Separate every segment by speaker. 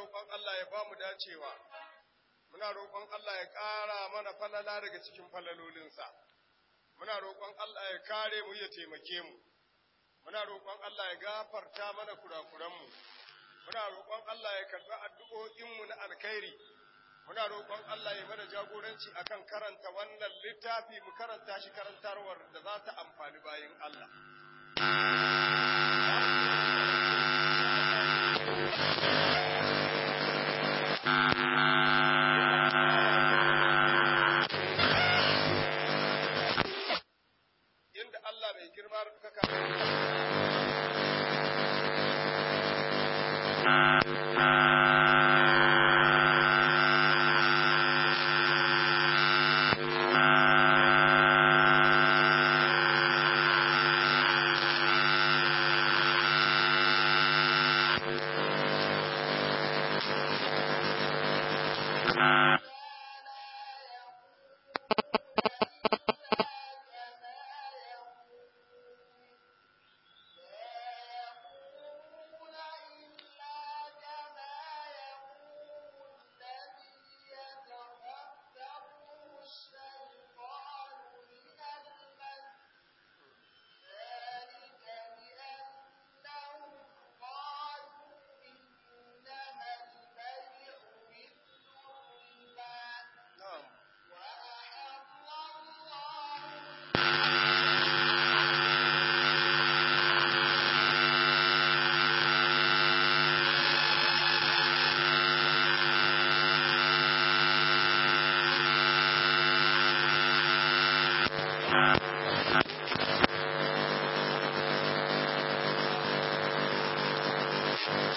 Speaker 1: roƙon Allah ya ba mu dacewa, muna roƙon Allah ya ƙara mana falala daga cikin falalolinsa, muna roƙon Allah ya kare mu ya taimake mu, muna roƙon Allah ya gafarta mana kurakuranmu, muna roƙon Allah ya karɓi addu'o'inmu na alkhairi, muna roƙon Allah ya mana jagoranci akan karanta wannan littafi mu karanta shi karantarwar da za ta amfani bayan Allah.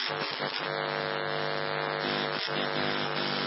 Speaker 1: Thank you.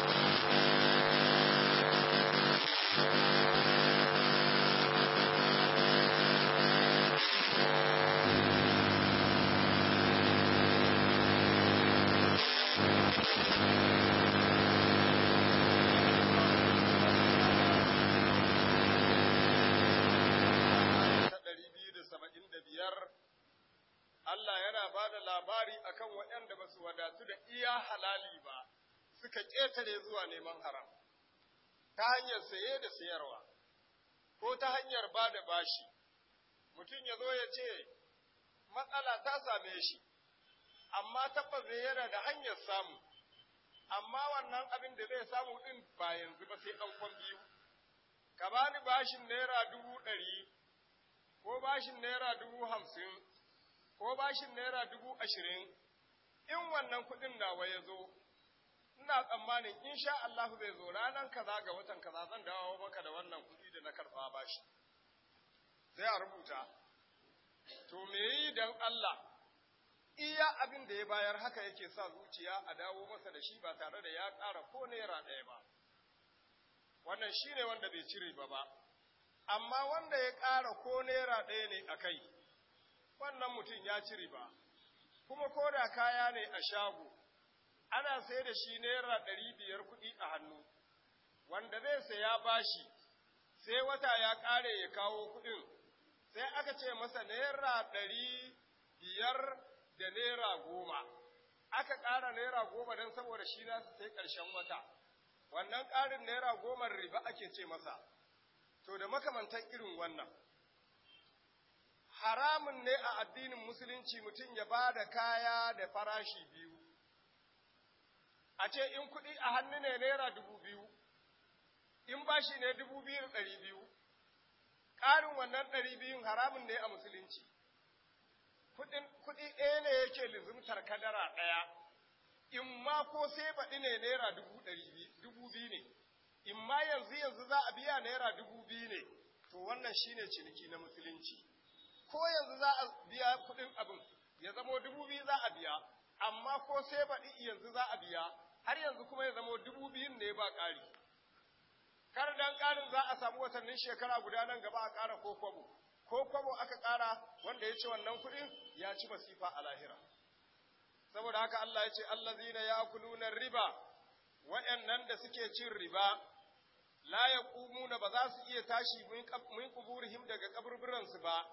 Speaker 1: bashi mutum ya zo ya ce matsala ta same shi amma tabbas zai yana da hanyar samu amma wannan abin da zai samu din ba yanzu ba sai ɗaukon biyu ka bani bashin naira dubu ɗari ko bashin naira dubu hamsin ko bashin naira dubu ashirin in wannan kuɗin nawa ya zo ina tsammanin insha Allah zai zo ranar kaza ga watan kaza zan dawo maka da wannan kuɗi da na karɓa bashi Zai a rubuta to me yi don Allah iya abin da ya bayar haka yake sa zuciya a dawo masa da shi ba tare da ya ƙara ko naira ɗaya ba wannan shi ne wanda bai cire ba ba amma wanda ya ƙara ko naira ɗaya ne a kai wannan mutum ya cire ba kuma ko da kaya ne a shago ana sai da shi naira ɗari biyar kuɗi a hannu wanda zai saya bashi sai wata ya ƙare ya kawo kuɗin sai aka ce masa naira ɗari biyar da naira goma aka ƙara naira goma don saboda shi na su sai ƙarshen wata wannan ƙarin naira goma riba ake ce masa to da makamantar irin wannan haramun ne a addinin musulunci mutum ya ba da kaya da farashi biyu a ce in kuɗi a hannu ne naira dubu biyu in bashi ne dubu biyu da ɗari biyu ƙarin wannan ɗari biyun haramun ne a musulunci kuɗi ɗaya ne yake lizimtar kadara ɗaya in ma ko sai baɗi ne naira dubu biyu ne in ma yanzu yanzu za a biya naira dubu biyu ne to wannan shi ne ciniki na musulunci ko yanzu za a biya kuɗin abin ya zamo dubu biyu za a biya amma ko sai baɗi yanzu za a biya har yanzu kuma ya zamo dubu biyun ne ba ƙari kar dan karin za a samu watannin shekara guda nan gaba a ƙara ko kwabo ko kwabo aka ƙara wanda ya ci wannan kuɗin ya ci masifa a lahira saboda haka Allah ya ce allazina ya'kuluna riba wa'annan da suke cin riba la yaqumuna ba za su iya tashi mun kuburihim daga kaburburan su ba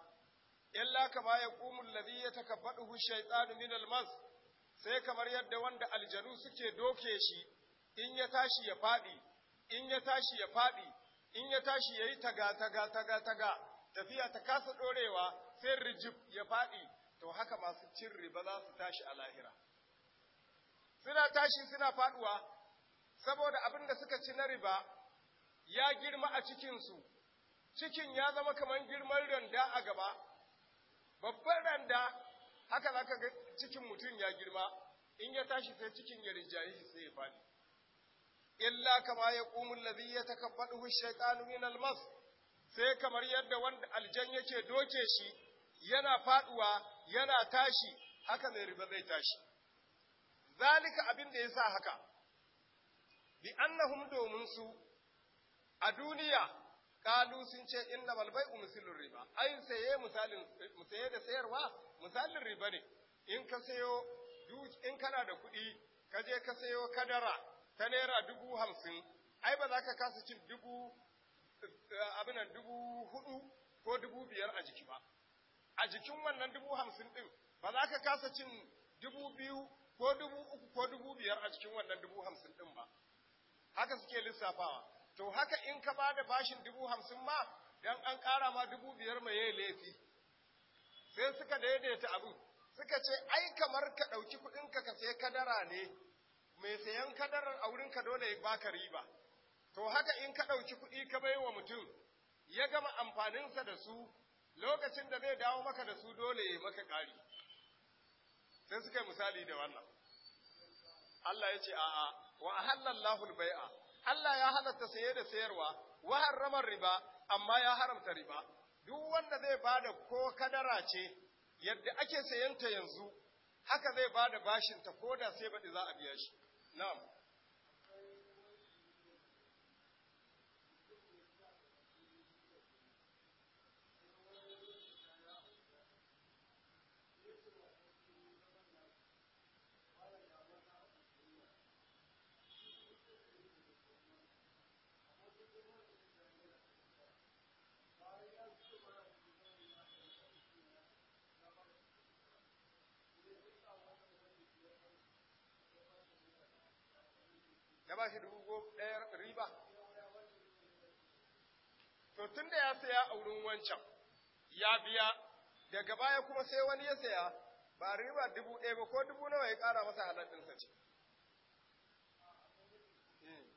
Speaker 1: illa kama yaqumu allazi yatakabbaduhu shaytanu min almas sai kamar yadda wanda aljanu suke doke shi in ya tashi ya fadi in ya tashi ya faɗi in ya tashi yayi yi taga taga taga taga tafiya ta kasa ɗorewa sai rijib ya faɗi to haka masu cin riba za su tashi a lahira suna tashi suna faɗuwa saboda abin da suka ci na riba ya girma a cikinsu cikin ya zama kamar girman randa a gaba babban randa haka za ga cikin mutum ya girma in ya tashi sai cikin ya rinjaye sai ya faɗi illa kama ya ƙumun lazi ya takabbaɗu shaitanu min almas sai kamar yadda wanda aljan yake doke shi yana faɗuwa yana tashi haka mai riba zai tashi zalika abin da ya sa haka bi annahum domin su a duniya kalu sun ce inna malbai umisilin riba ai saye misalin saye da sayarwa misalin riba ne in ka sayo in kana da kuɗi ka je ka sayo kadara ta naira dubu hamsin ai ba za ka kasa cin dubu eh, abinan dubu hudu ko dubu biyar a jiki ba a jikin wannan dubu hamsin din ba za ka kasa cin dubu biyu ko dubu uku ko dubu biyar a cikin wannan dubu hamsin din ba haka suke lissafawa to haka in ka ba da bashin dubu hamsin ma dan an ƙara ma dubu biyar mai ya laifi sai suka daidaita abu suka ce ai kamar ka ɗauki kuɗinka ka sai kadara ne mai sayan kadarar a wurin ka dole ya baka riba to haka in ka ɗauki kuɗi ka bai wa mutum ya gama amfaninsa da su lokacin da zai dawo maka da su dole ya maka ƙari sai suka yi misali da wannan Allah ya ce a'a wa halallahu al-bai'a Allah ya halatta saye da sayarwa wa harrama riba amma ya haramta riba duk wanda zai bada ko kadara ce yadda ake sayanta yanzu haka zai bada bashinta ko da sai baɗi za a biya shi na'am to tun da ya saya a wurin wancan ya biya daga baya kuma sai wani ya saya ba riba dubu ɗaya ba ko dubu nawa ya ƙara masa halattinsa ce hmm.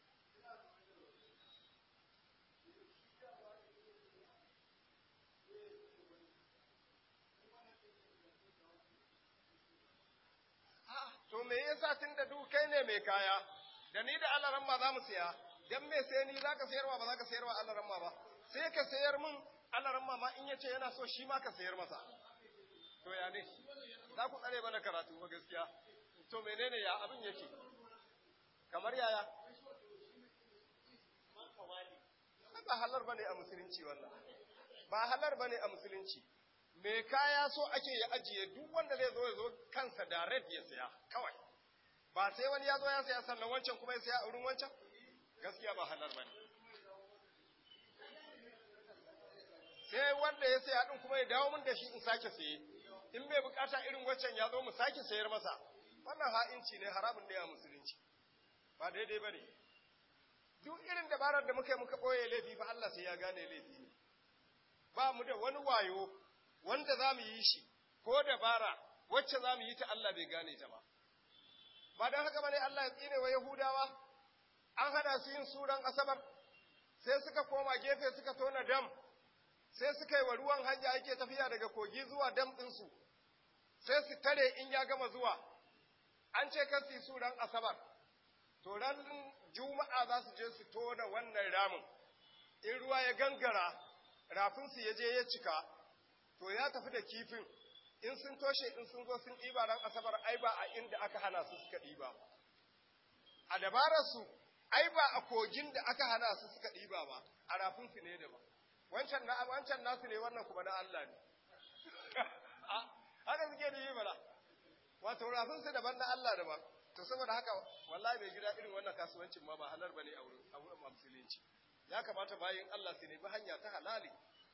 Speaker 1: ah, to me yasa tun da duk kai ne mai kaya da ni da Allah ramma za mu siya dan me sai ni zaka sayarwa ba zaka sayarwa Allah ramma ba sai ka sayar min Allah ramma ma in yace yana so shi ma ka sayar masa to ya ne za ku tsare bana karatu ba gaskiya to menene ya abin yake kamar yaya ba halar bane a musulunci wannan ba halar bane a musulunci me kaya so ake ya ajiye duk wanda zai zo ya zo kansa direct ya saya kawai ba sai wani ya zo ya saya sannan wancan kuma ya saya a wurin wancan gaskiya ba halar sai wanda ya saya din kuma ya dawo mun da shi in sake saye in bai bukata irin wancan ya zo mu sake sayar masa wannan ha'inci ne haramun da ya musulunci ba daidai bane duk irin dabarar da muka yi muka boye laifi fa Allah sai ya gane laifi ne ba mu da wani wayo wanda za mu yi shi ko dabara wacce za mu yi ta Allah bai gane ta ba ba don haka bane Allah ya tsine wa Yahudawa an hada su yin suran asabar sai suka koma gefe suka tona dam sai suka yi wa ruwan hanya ake tafiya daga kogi zuwa dam ɗinsu sai su tare in ya gama zuwa an ce kan su yi suran asabar to ran juma'a za su je su tona wannan ramin in ruwa ya gangara rafinsu ya je ya cika to ya tafi da kifin in sun toshe in sun zo sun ɗiba ran asabar ai ba a inda aka hana su suka ɗiba a dabararsu ai ba a kogin da aka hana su suka ɗiba ba a rafin su ne da ba wancan na wancan nasu ne wannan kuma na Allah ne ah, haka suke da yi bala wato rafin su daban na Allah daban to saboda haka wallahi bai gida irin wannan kasuwancin ma ba halal bane a wurin musulunci ya kamata bayin Allah su nemi hanya ta halali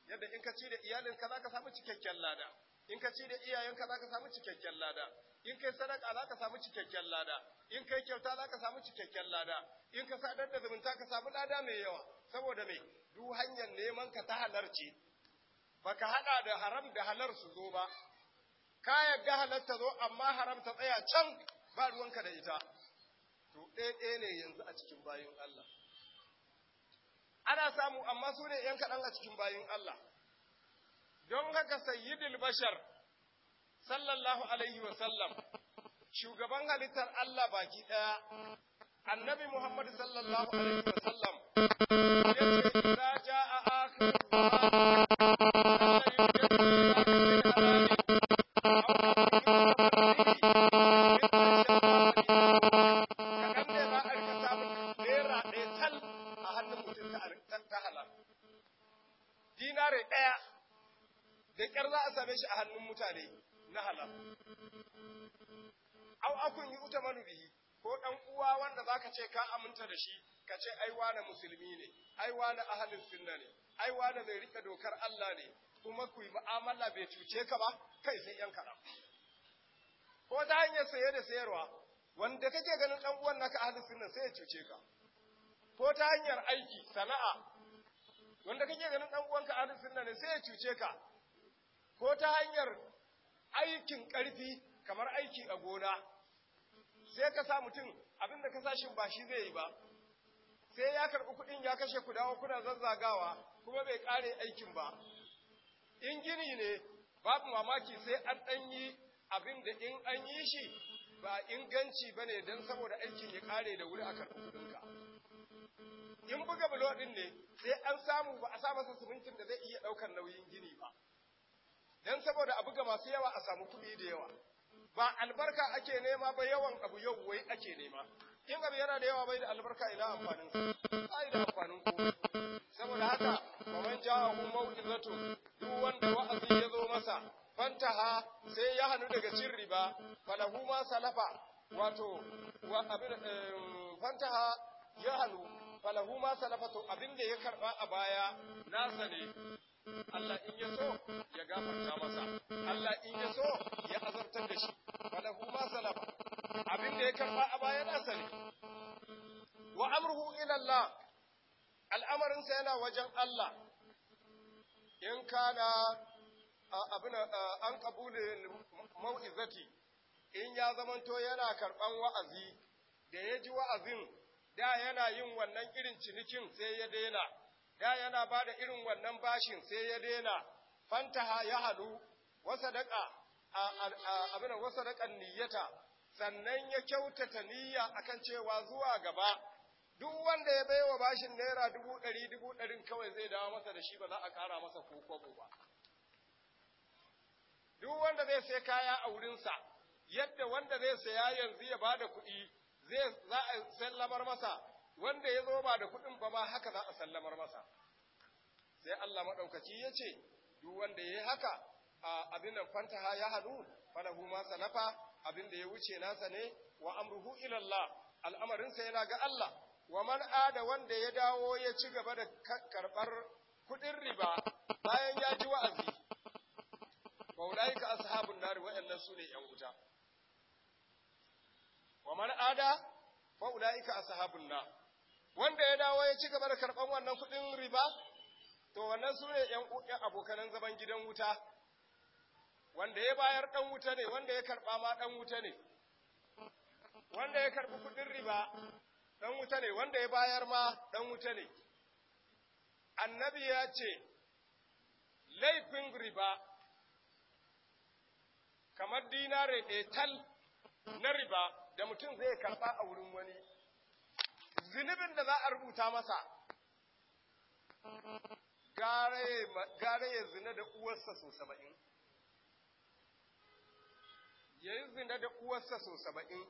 Speaker 1: yadda in ka ci da iyalinka za ka samu cikakken lada in ka ci da iyayenka za ka samu cikakken lada in kai sadaka za ka samu cikakken lada in kai kyauta za ka samu cikakken lada in ka sadar da zumunta ka samu lada mai yawa saboda me duk hanyar neman ka ta halarci baka hada da haram da halar su zo ba ka yadda halarta zo amma haram ta tsaya can ba ruwanka da ita to ɗaya ɗaya ne yanzu a cikin bayin Allah ana samu amma su ne ‘yan kaɗan a cikin bayin Allah. Don haka sayyidul bashar, sallallahu alaihi wasallam, shugaban halittar Allah baki ɗaya, annabi Muhammad sallallahu alaihi wasallam,
Speaker 2: ya ce, "Za ja a
Speaker 1: sai ya cuce ka ko ta hanyar aiki sana'a wanda kake ganin dan uwanka ahli nan ne sai ya cuce ka ko ta hanyar aikin karfi kamar aiki a gona sai ka sa mutum abinda ka sashin ba shi zai yi ba sai ya karbi kuɗin ya kashe ku dawo kuna zazzagawa kuma bai kare aikin ba in gini ne babu mamaki sai an yi abin da in an yi shi ba inganci ba ne don saboda aikin ya kare da wuri a karɓar kuɗinka. In buga bulo ɗin ne sai an samu ba a sa masa simintin da zai iya ɗaukar nauyin gini ba. Don saboda a buga masu yawa a samu kuɗi da yawa. Ba albarka ake nema ba yawan abu yau wai ake nema. In abu yana da yawa bai da albarka ina amfanin ba da amfanin ku? Saboda haka, ba man jawa kun duk wanda wa'azi ya zo masa fantaha sai ya hannu daga cin riba falahu ma salafa wato wa abin fantaha ya hannu falahu ma salafa to abin da ya karba a baya nasa ne Allah in ya so ya gafarta masa Allah in ya so ya azartar da shi falahu ma salafa abin da ya karba a baya nasa ne wa amruhu ila Allah al'amarinsa yana wajen Allah in kana abin an kabule mau'izati in ya zamanto yana karban wa'azi da ya ji wa'azin da yana yin wannan irin cinikin sai ya daina da yana ba da irin wannan bashin sai ya daina fantaha ya hadu wasadaka abin wasadakan niyyata sannan ya kyautata niyya akan cewa zuwa gaba duk wanda ya baiwa bashin naira dubu ɗari dubu ɗarin kawai zai dawo masa da shi ba za a kara masa koko ba duk wanda zai sai kaya a wurinsa yadda wanda zai saya yanzu ya bada kuɗi zai za a sallamar masa wanda ya zo ba da kuɗin ba ma haka za a sallamar masa sai Allah maɗaukaci ya ce duk wanda ya yi haka a abin nan fantaha ya hannu hu ma sanafa abin da ya wuce nasa ne wa amruhu ila al'amarinsa yana ga Allah wa man ada wanda ya dawo ya ci gaba da karɓar kuɗin riba bayan ya ji wa'azi ulaika ashabun nar wa'annan sune yan wuta wa man ada fa ulaika ashabun nar wanda ya dawo ya ci gaba da karban wannan kudin riba to wannan sune yan abokan zaman gidan wuta wanda ya bayar dan wuta ne wanda ya karba ma dan wuta ne wanda ya karbi kudin riba dan wuta ne wanda ya bayar ma dan wuta ne annabi ya ce laifin riba kamar dinare ɗaya na riba da mutum zai karɓa a wurin wani zunubin da za a rubuta masa gara ya zina da uwarsa so saba'in ya yi zina da uwarsa so saba'in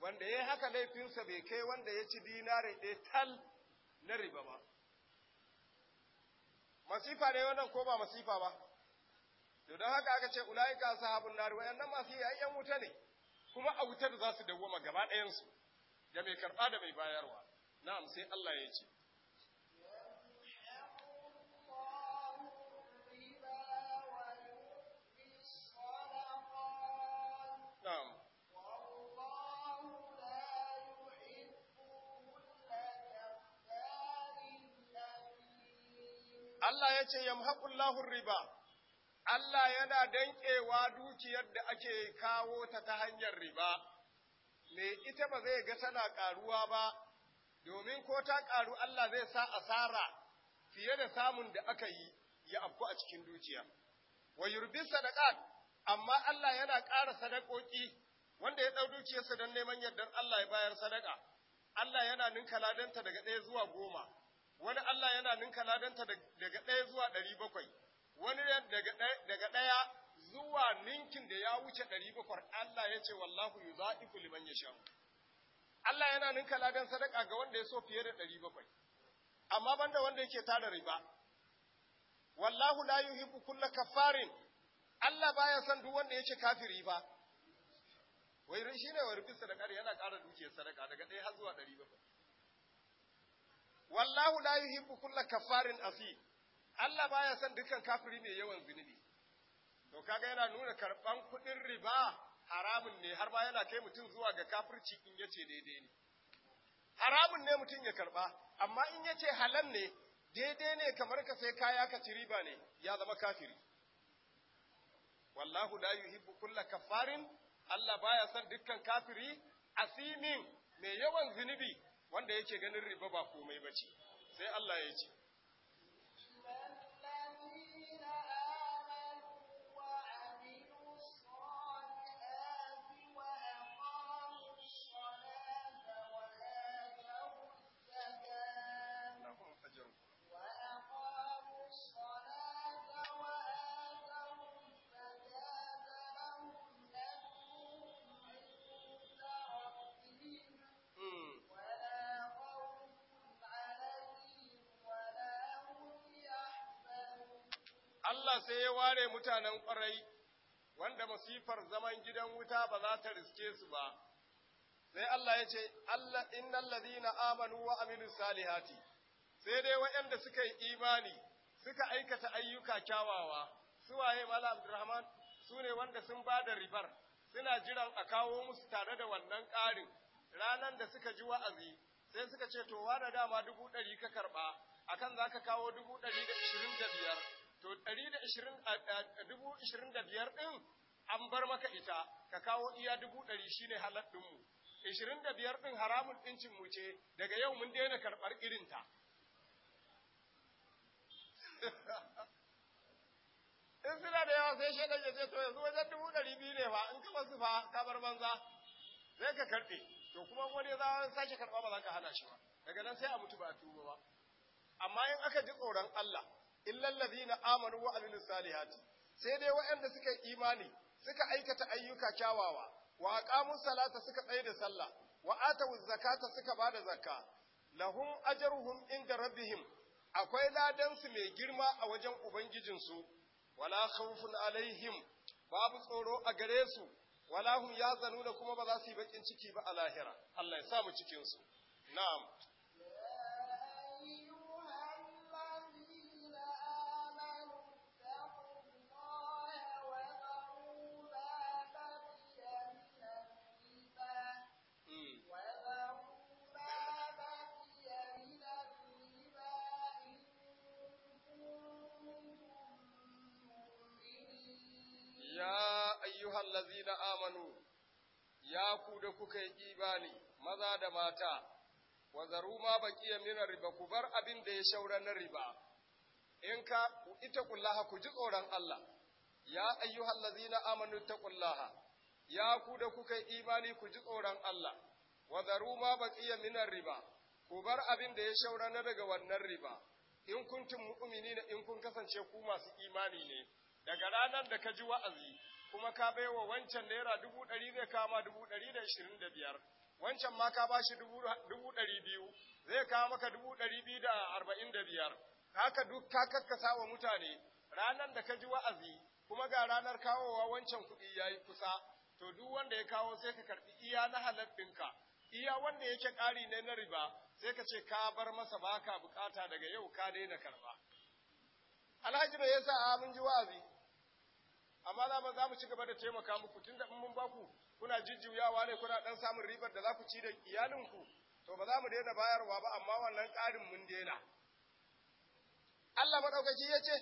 Speaker 1: wanda ya haka laifinsa bai kai wanda ya ci dinare ɗaya na riba ba masifa ne wannan ko ba masifa ba to don haka aka ce ulaika sahabun nar wayannan masu yayyan wuta ne kuma a wutar za su ma gaba ɗayan su da mai karba da mai bayarwa na'am sai Allah ya ce Na'am. Allah ya ce, Yamhaƙullahun riba, Allah yana danƙewa dukiyar da ake kawo ta ta hanyar riba, me ita ba zai ga tana ƙaruwa ba, domin ko ta ƙaru Allah zai sa asara fiye da samun da aka yi ya abu a cikin dukiya. Wa yurbi sadaqat amma Allah yana ƙara sadakoki wanda ya ɗau dukiyarsa don neman yardar Allah ya bayar sadaka. Allah yana ninka ladanta daga ɗaya zuwa goma, wani Allah yana ninka ladanta daga ɗaya zuwa ɗari bakwai. wani daga ɗaya zuwa ninkin da ya wuce ɗari bakwai Allah ya ce wallahu za iku liman ya sha. Allah yana ninka ladan sadaka ga wanda ya so fiye da ɗari bakwai, amma banda wanda yake tada riba. Wallahu la hibu kulla kafarin, Allah baya son duk wanda yake kafiri ba. Wai shi ne wa rufin sadaka yana ƙara dukiyar sadaka daga ɗaya har zuwa ɗari bakwai. Wallahu la hibu kulla kafarin asim. Allah baya son dukkan kafiri mai yawan zunubi to kaga yana nuna karban kuɗin riba haramun ne har ba yana kai mutum zuwa ga kafirci in yace daidai ne haramun ne mutum ya karba amma in yace halal ne daidai ne kamar ka sai kaya ka ci riba ne ya zama kafiri wallahu la yuhibbu kulla kafarin Allah baya son dukkan kafiri asimin mai yawan zunubi wanda yake ganin riba ba komai bace sai Allah ya ce sai ya ware mutanen ƙwarai wanda masifar zaman gidan wuta ba za ta riske su ba sai Allah ya ce Allah innal ladina amanu wa amilus salihati sai dai waɗanda suka yi imani suka aikata ayyuka kyawawa suwaye mala abdurrahman ne wanda sun ba da ribar suna jiran a kawo musu tare da wannan ƙarin ranan da suka ji wa'azi sai suka ce to wa na dama dubu ɗari ka karɓa akan za ka kawo dubu ɗari da ashirin da biyar to ɗari da da dubu biyar ɗin an bar maka ita, ka kawo iya dubu ɗari shi ne halar ɗinmu. biyar ɗin haramun ɗincin mu ce, daga yau mun daina karɓar irinta. In suna da yawa sai shekar ya ce, to yanzu wajen dubu ɗari biyu ne fa, in kama su fa, ka bar banza, sai ka karɓe. To kuma wani za sake karɓa ba za ka hana shi ba. Daga nan sai a mutu ba a tuba ba. Amma in aka ji tsoron Allah, illal ladina amanu wa amilus salihati sai dai waɗanda suka yi imani suka aikata ayyuka kyawawa wa aqamus salata suka tsaye da sallah wa atawuz zakata suka bada zakka lahum ajruhum inda rabbihim akwai ladan su mai girma a wajen ubangijinsu wala khawfun alaihim babu tsoro a gare su wala hum yazanuna kuma ba za su yi bakin ciki ba a lahira Allah ya sa mu cikin su na'am amwali maza da mata wa zaru ma baqiya min riba ku bar abin da ya shaura na riba in ka ita kullaha ku ji tsoron Allah ya na amanu taqullaha ya ku da kuka imani ku ji tsoron Allah wa zaru ma baqiya min riba ku bar abin da ya shaura na daga wannan riba in kuntum mu'minina in kun kasance ku masu imani ne daga ranar da ka ji wa'azi kuma ka baiwa wancan naira dubu ɗari zai kama dubu ɗari da ashirin da biyar wancan ma ka bashi dubu ɗari biyu zai kawo maka dubu ɗari biyu da arba'in da biyar haka duk ka kakkasa wa mutane ranar da ka ji wa'azi kuma ga ranar kawowa wancan kuɗi ya yi kusa to duk wanda ya kawo sai ka karɓi iya na halabbinka iya wanda yake ƙari ne na riba sai ka ce ka bar masa baka bukata daga yau ka daina karɓa alhaji da ya sa ah, mun ji wa'azi amma za mu ci gaba da taimaka muku da in mun baku kuna jujjuyawa ne kuna dan samun ribar da za ku ci da iyalinku to ba za mu daina bayarwa ba amma wannan ƙarin mun daina Allah madaukaki ya ce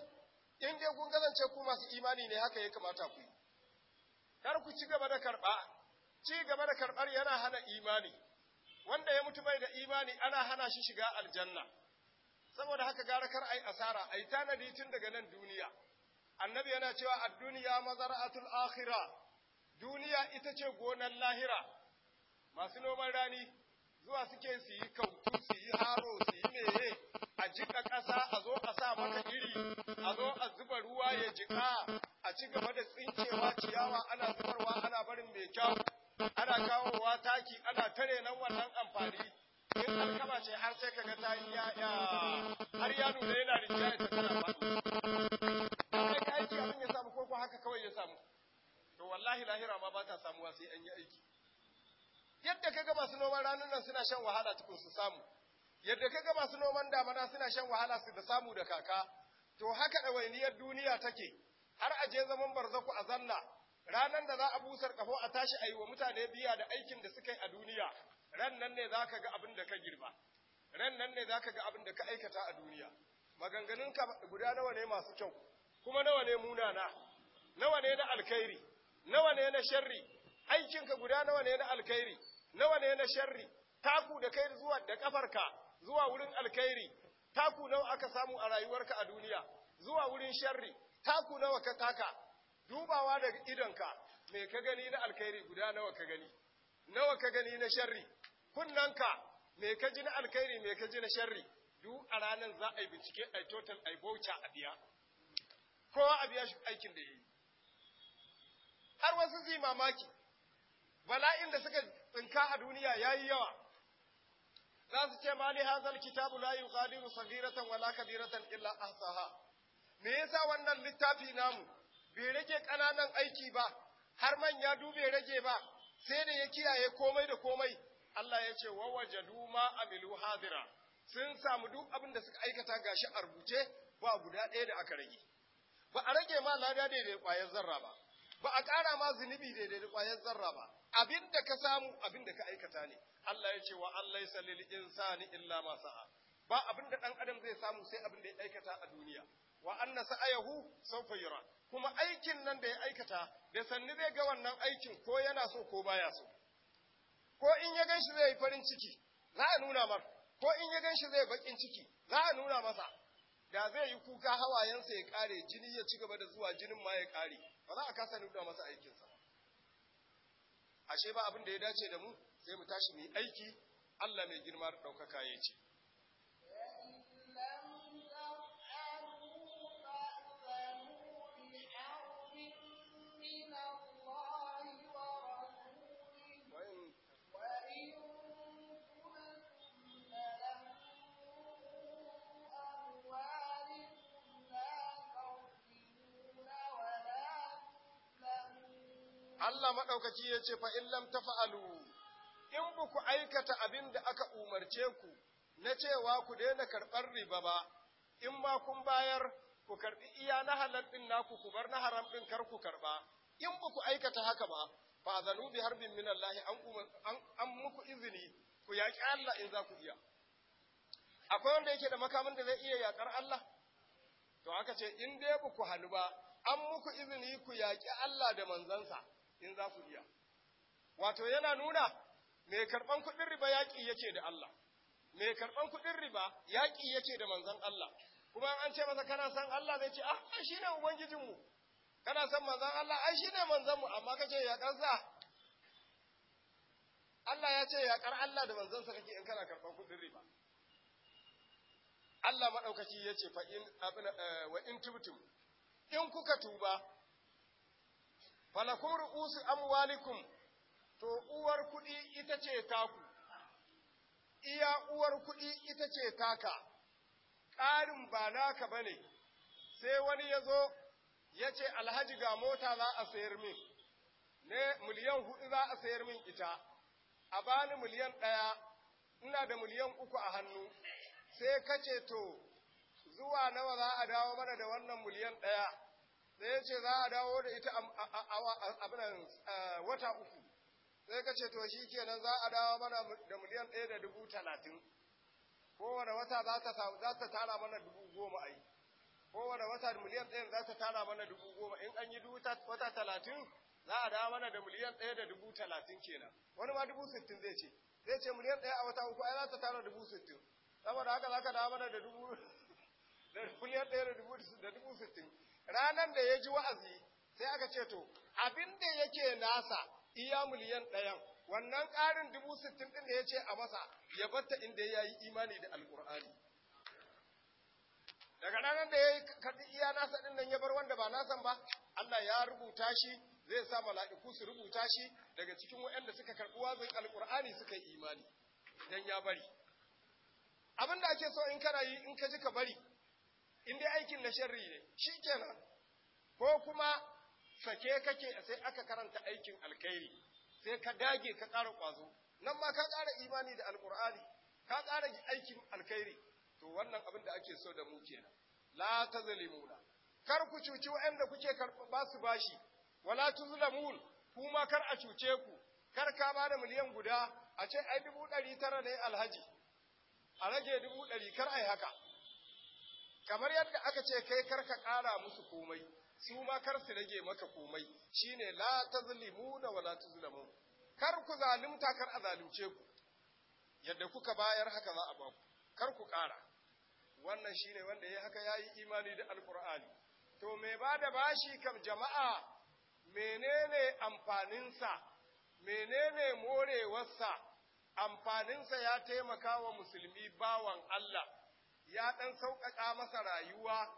Speaker 1: in dai kun kasance ku masu imani ne haka ya kamata ku yi kar ku ci gaba da karɓa ci gaba da karɓar yana hana imani wanda ya mutu bai da imani ana hana shi shiga aljanna saboda haka gara kar ai asara ai tanadi tun daga nan duniya annabi yana cewa ad-dunya mazara'atul akhirah duniya ita ce gonar lahira masu noman rani zuwa suke su yi kautu su yi haro su yi meye a jika ƙasa a zo a sa maka iri a zo a zuba ruwa ya jika a ci gaba da tsincewa ciyawa ana zubarwa ana barin mai kyau ana kawowa taki ana tare nan wannan amfani in kama ce har sai kaga ta yi ya'ya har ya nuna yana rinjaya ta tana faɗi. Kai ya samu ko haka kawai ya samu. to wallahi lahira ma ba ta samuwa sai an yi aiki yadda kaga masu noman ranar nan suna shan wahala cikin su samu yadda ka kaga masu noman damana suna shan wahala su da samu da kaka to haka ɗawainiyar duniya take har a je zaman barzaku a zanna ranar da za a busar kaho a tashi a yi wa mutane biya da aikin da suka yi a duniya ran nan ne za ka ga abin da ka girba ran nan ne za ka ga abin da ka aikata a duniya maganganun ka guda nawa ne masu kyau kuma nawa ne munana nawa ne na alkhairi nawa ne na sharri aikinka guda nawa ne na alkhairi nawa ne na sharri taku da kai zuwa da kafarka zuwa wurin alkhairi taku nawa aka samu a rayuwarka a duniya zuwa wurin sharri taku nawa ka taka dubawa daga idonka me ka gani na alkhairi guda nawa ka gani nawa ka gani na sharri kunnanka me ka ji na alkhairi me ka ji na sharri duk a ranar za a yi bincike a total a bauta a biya kowa a biya shi aikin da ya yi har wasu zai mamaki bala'in da suka tsinka a duniya ya yi yawa za su ce ma ni hazal kitabu la yughadiru saghiratan wala kabiratan illa asaha me yasa wannan littafi namu bai rage ƙananan aiki ba har manya ya rage ba sai da ya kiyaye komai da komai Allah ya ce wa duma a amilu hadira sun samu duk abin da suka aikata gashi a rubuce ba guda ɗaya da aka rage ba a rage ma lada da ƙwayar zarra ba ba a ƙara ma zunubi daidai da ƙwayar zarra ba abin da ka samu abin da ka aikata ne Allah ya ce wa Allah ya salli insani illa ma sa'a ba abin da dan adam zai samu sai abin da ya aikata a duniya wa anna sa'ayahu sawfa yura kuma aikin nan da ya aikata da sanni zai ga wannan aikin ko yana so ko baya so ko in ya ganshi zai yi farin ciki za a nuna masa. ko in ya ganshi zai bakin ciki za a nuna masa da zai yi kuka hawayensa ya kare jini ya ci gaba da zuwa jinin ma ya kare ba za a kasa nuna masa aikinsa ba ashe ba abin da ya dace da mu sai mu tashi mu yi aiki Allah mai girma ɗaukaka ya ce Allah maɗaukaci ya ce fa'in ta fa'alu, in ba ku aikata abin da aka umarce ku na cewa ku daina karɓar riba ba, in ma kun bayar ku karɓi iya na halal ɗin naku ku bar na haram ɗin kar ku karɓa, in ba ku aikata haka ba, fa zanu bi harbin min Allah an muku izini ku yaƙi Allah in za ku iya. Akwai wanda yake da makamin da zai iya yaƙar Allah? To aka ce in dai ba ku hannu ba, an muku izini ku yaƙi Allah da manzansa. in za ku biya? Wato yana nuna mai karɓan kuɗin riba yaƙi yake da Allah, mai karɓan kuɗin riba yaƙi yake da manzan Allah, kuma an ce masa kana san Allah zai ce, ah, shi ne Ubangijinmu, kana san manzan Allah, ai shi ne manzanmu, amma ka ce yaƙansa. Allah ya ce yaƙar Allah da manzansa kake in kana karɓan kuɗin riba. Allah maɗaukaci ya ce, eh, wa in tubtum, in kuka tuba, falakum ru'usu amwalikum to uwar kuɗi ita ce taku iya uwar kuɗi ita ce taka ƙarin ba naka bane sai wani ya zo ya ce alhaji ga mota za a sayar min ne miliyan hudu za a sayar min ita a bani miliyan ɗaya ina da miliyan uku a hannu sai kace to zuwa nawa za a dawo mana da wannan miliyan ɗaya sai ya ce za a dawo da ita abinan wata uku sai ka ce to shi kenan za a dawo mana da miliyan ɗaya da dubu talatin kowane wata za ta tara mana dubu goma yi kowane wata miliyan ɗaya za ta tara mana dubu goma in an yi dubu wata talatin za a dawo mana da miliyan ɗaya da dubu talatin kenan wani ma dubu sittin zai ce zai ce miliyan ɗaya a wata uku ai za ta tara dubu sittin saboda haka za ka dawo mana da dubu miliyan ɗaya da dubu sittin Ranan da ya ji wa'azi sai aka ce to abin da yake nasa iya miliyan ɗayan wannan ƙarin dubu sittin ɗin da ya ce a masa ya batta inda ya yi imani da alƙur'ani daga ranar da ya yi kaɗi iya nasa ɗin nan ya bar wanda ba nasan ba Allah ya rubuta shi zai sa mala'iku su rubuta shi daga cikin waɗanda suka karɓi wazin alƙur'ani suka yi imani idan ya bari abin da ake so in kana yi in ka ji ka bari in dai aikin na sharri ne shi kenan ko kuma sake kake sai aka karanta aikin alkhairi sai ka dage ka ƙara ƙwazo nan ma ka ƙara imani da alƙur'ani ka ƙara aikin alkhairi to wannan abin da ake so da mu kenan la tazlimuna kar ku cuci waɗanda kuke ba su bashi wala tuzlamun kuma kar a cuce ku kar ka ba da miliyan guda a ce ai dubu ɗari tara ne alhaji a rage dubu ɗari kar ai haka kamar yadda aka ce kai karka ƙara musu komai su ma kar su rage maka komai shine la da wala tuzlamun kar ku zalimta kar a zalunce ku yadda kuka bayar haka za a ba ku kar ku ƙara wannan shine wanda ya haka yayi imani da alqur'ani to me ba da bashi kam jama'a menene amfaninsa menene morewarsa amfaninsa ya taimaka wa musulmi bawan Allah ya ɗan sauƙaƙa masa rayuwa,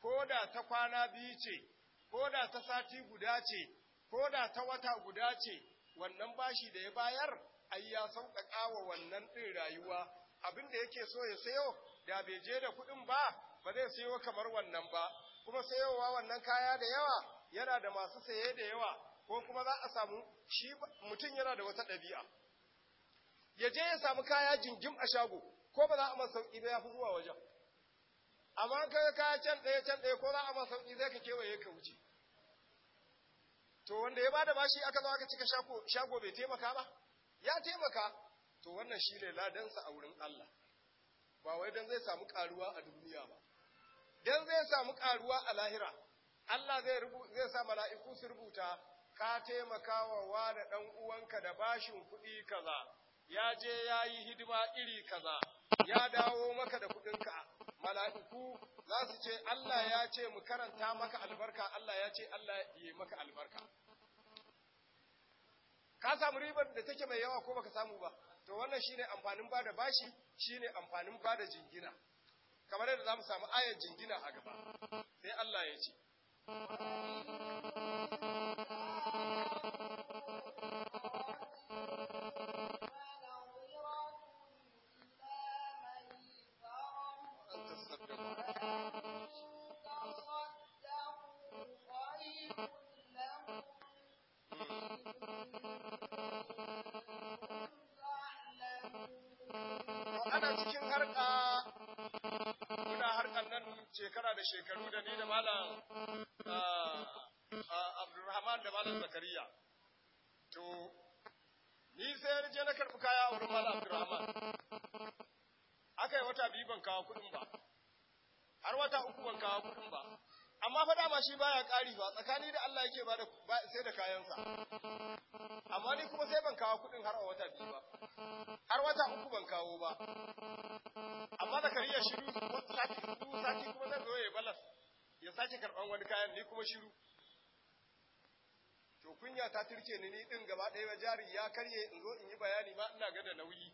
Speaker 1: ko da ta kwana biyu ce, ko da ta sati guda ce, ko da ta wata guda ce, wannan bashi da ya bayar, ai ya sauƙaƙa wa wannan ɗin rayuwa, abin da yake so ya sayo, da bai je da kuɗin ba, ba zai sayo kamar wannan ba, kuma sayowa wannan kaya da yawa, yana da masu saye da yawa, ko kuma za a samu shi mutum yana da wata ɗabi'a. Ya je ya samu kaya jingim a shago, ko ba za a masa sauki ba ya fi zuwa wajen amma ka ka can ɗaya can ɗaya ko za a masa sauki zai ka kewaye ka wuce to wanda ya bada bashi aka zo aka cika shago bai taimaka ba ya taimaka to wannan shi ne ladansa a wurin Allah ba wai dan zai samu karuwa a duniya ba dan zai samu karuwa a lahira Allah zai zai sa mala'iku su rubuta ka taimakawa wa da dan uwanka da bashin kuɗi kaza ya je ya yi hidima iri kaza ya dawo maka da kuɗinka mala'iku za su ce Allah ya ce mu karanta maka albarka Allah ya ce Allah ya maka albarka ka samu ribar da take mai yawa ko baka samu ba to wannan shine amfanin bada bashi shine amfanin bada jingina kamar yadda za mu samu ayar jingina a gaba sai Allah ya ce
Speaker 2: muna harkan
Speaker 1: nan shekara da shekaru da ni da malam ah, ah, Abdulrahman da malam Zakariya to ni sai je na karɓi kaya a wurin malam Abdulrahman aka yi wata biyu ban kawo kuɗin ba har wata uku ban kawo kuɗin ba amma fa dama shi baya ƙari ba tsakani da Allah yake bada sai da kayansa amma ni kuma sai ban kawo kuɗin har a wata biyu ba har wata uku ban kawo ba amma da kariya shiru ko sati ko sati kuma zan zo ya balas ya sake karɓan wani kayan ni kuma shiru to kunya ta turke ni ni din gaba ɗaya jari ya karye in zo in yi bayani ba ina ga da nauyi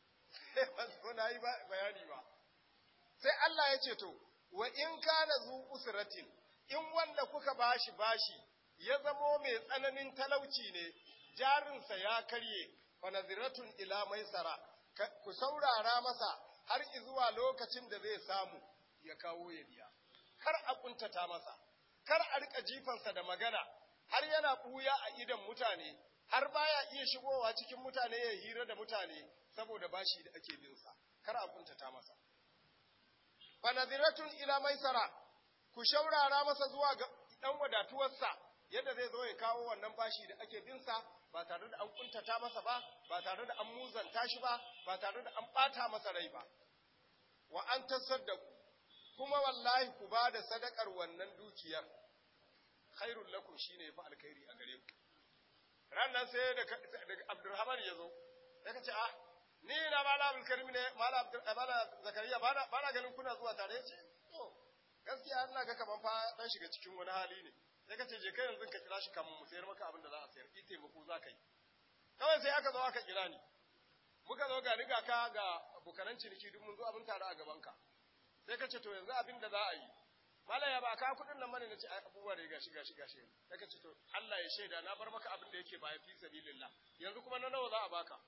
Speaker 1: ban zo na yi bayani ba sai Allah ya ce to wa in kana zu usratin in wanda kuka bashi bashi ya zamo mai tsananin talauci ne jarinsa ya karye fa naziratun ila maisara ku saurara masa har zuwa lokacin da zai samu ya kawo ya biya kar a kuntata masa kar a rika jifansa da magana har yana buya a idan mutane har baya iya shigowa cikin mutane ya hira da mutane saboda bashi da ake binsa kar a kuntata masa fanadiratun ila maisara ku shaurara masa zuwa ga dan wadatuwarsa yadda zai zo ya kawo wannan bashi da ake bin sa ba tare da an kuntata masa ba ba tare da an muzanta shi ba ba tare da an bata masa rai ba wa an tasaddaku kuma wallahi ku ba da sadakar wannan dukiyar khairul lakum shine yafi alkhairi a gare ku ran nan sai da Abdulrahman ya zo sai ka ah ni eh, na mala Abulkarimi ne mala zakariya bana na ganin kuna zuwa tare ce to gaskiya ina ga kaman fa dan shiga cikin wani hali ne sai kace je kai yanzu ka kira shi kaman mu sayar maka abin da za a sayar ki ko za ka yi kawai sai aka zo aka kira ni muka zo ga riga ka ga bukanan ciniki duk mun zo abin tare a gaban ka sai kace to yanzu abin da za a yi mala ya ba ka kudin nan mana nace ai abubuwa da gashi gashi gashi sai kace to Allah ya shaida na bar maka abin da yake ya fi sabilillah yanzu kuma na nawa za a baka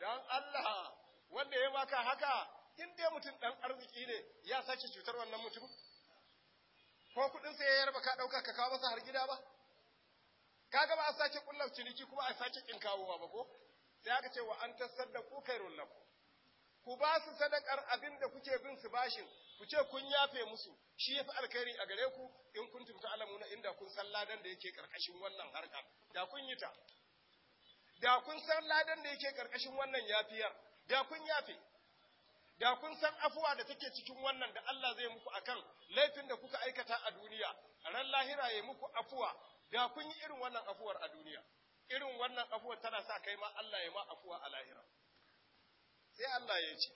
Speaker 1: don Allah wanda ya maka haka in dai mutum ɗan arziki ne ya sace cutar wannan mutum ko kudin sai ya yarba ka dauka ka kawo masa har gida ba Ka gaba a sake kullar ciniki kuma a sake kin kawo ba ko sai aka ce wa an tasaddaku khairul lakum ku ba su sadakar abin da kuke bin su bashin ku ce kun yafe musu shi yafi alkhairi a gare ku in kun kuntum ta'lamuna inda kun san ladan da yake karkashin wannan harka da kun yi ta da kun san ladan da yake karkashin wannan yafiyar da kun yafe da kun san afuwa da take cikin wannan da Allah zai muku akan laifin da kuka aikata a duniya ran lahira ya muku afuwa da kun yi irin wannan afuwar a duniya irin wannan afuwar tana sa kai ma Allah ya ma afuwa a lahira sai Allah ya ce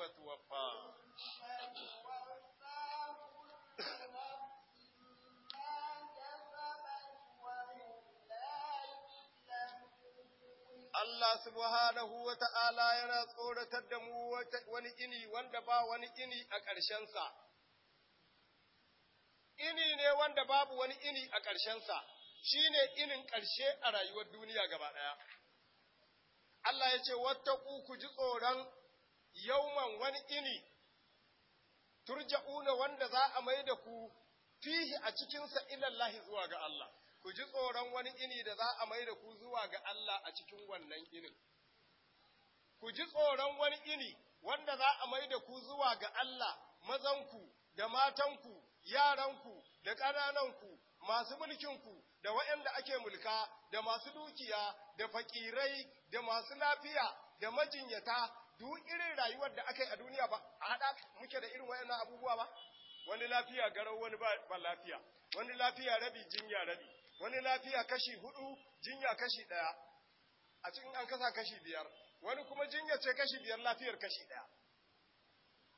Speaker 1: yawma Allah subhanahu wa ta'ala yana tsoratar da mu wani ini wanda ba wani ini a ƙarshensa. Ini ne wanda babu wani ini a ƙarshensa, shi ne inin ƙarshe a rayuwar duniya gaba ɗaya. Allah ya ce, Wata ku ji tsoron yauman wani ini, turja'una wanda za a mai da ku fihi a cikinsa ilallahi zuwa ga Allah, ku ji tsoron wani ini da za a mai da ku zuwa ga Allah a cikin wannan inin. Ku ji tsoron wani ini wanda za a mai da ku zuwa ga Allah mazanku da matanku, yaranku da ku, masu mulkin ku, da waɗanda ake mulka, da masu dukiya, da fakirai, da masu lafiya, da majinyata, duk irin rayuwar da aka yi a duniya ba a haɗa muke da irin wayannan abubuwa ba wani lafiya garau wani ba lafiya wani lafiya rabi jinya rabi wani lafiya kashi hudu jinya kashi ɗaya a cikin an kasa kashi biyar wani kuma jinya ce kashi biyar lafiyar kashi ɗaya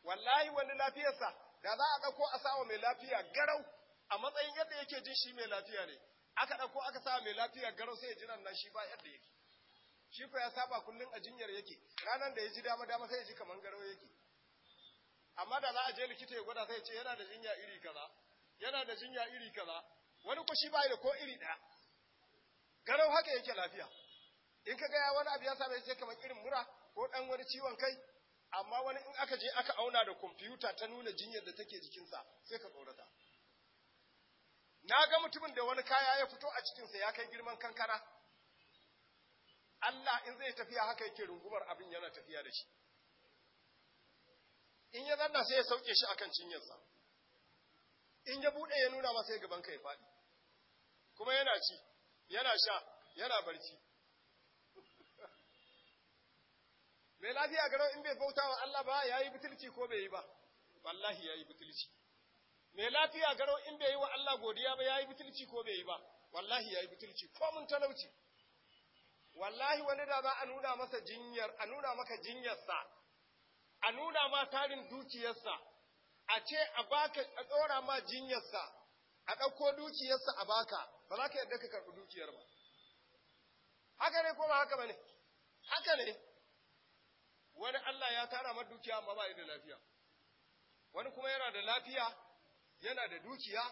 Speaker 1: wallahi wani lafiyarsa da za a ɗauko a sawa mai lafiya garau a matsayin yadda yake jin shi mai lafiya ne aka ɗauko aka sawa mai lafiya garau sai ya ji nan shi ba yadda yake shi ko ya saba kullun a jinyar yake ranan da ya ji dama dama sai ya ji kaman garau yake amma da za a je likita ya gwada sai ya ce yana da jinya iri kaza yana da jinya iri kaza wani ko shi bai da ko iri daya garau haka yake lafiya in ka ga wani abu ya same ce kaman irin mura ko dan wani ciwon kai amma wani in aka je aka auna da kwamfuta ta nuna jinyar da take jikinsa sai ka tsorata na ga mutumin da wani kaya ya fito a cikinsa ya kai girman kankara. Allah in zai tafiya haka yake rungumar abin yana tafiya da shi in ya zanna sai ya sauke shi akan cinyarsa in ya bude ya nuna masa gaban ka ya faɗi kuma yana ci yana sha yana barci Me lafiya garau in bai bauta wa Allah ba yayi butulci ko bai yi ba wallahi yayi butulci Me lafiya garau in bai yi wa Allah godiya ba yayi butulci ko bai yi ba wallahi yayi butulci ko mun talauci wallahi wani da za a nuna masa jinyar a nuna maka jinyarsa a nuna ma tarin dukiyarsa a ce a baka a tsora ma jinyarsa a ɗauko dukiyarsa a baka ba za ka yarda ka karɓi dukiyar ba haka ne ko ba haka ba ne haka ne wani Allah ya tara ma dukiya amma ba da lafiya wani kuma yana da lafiya yana da dukiya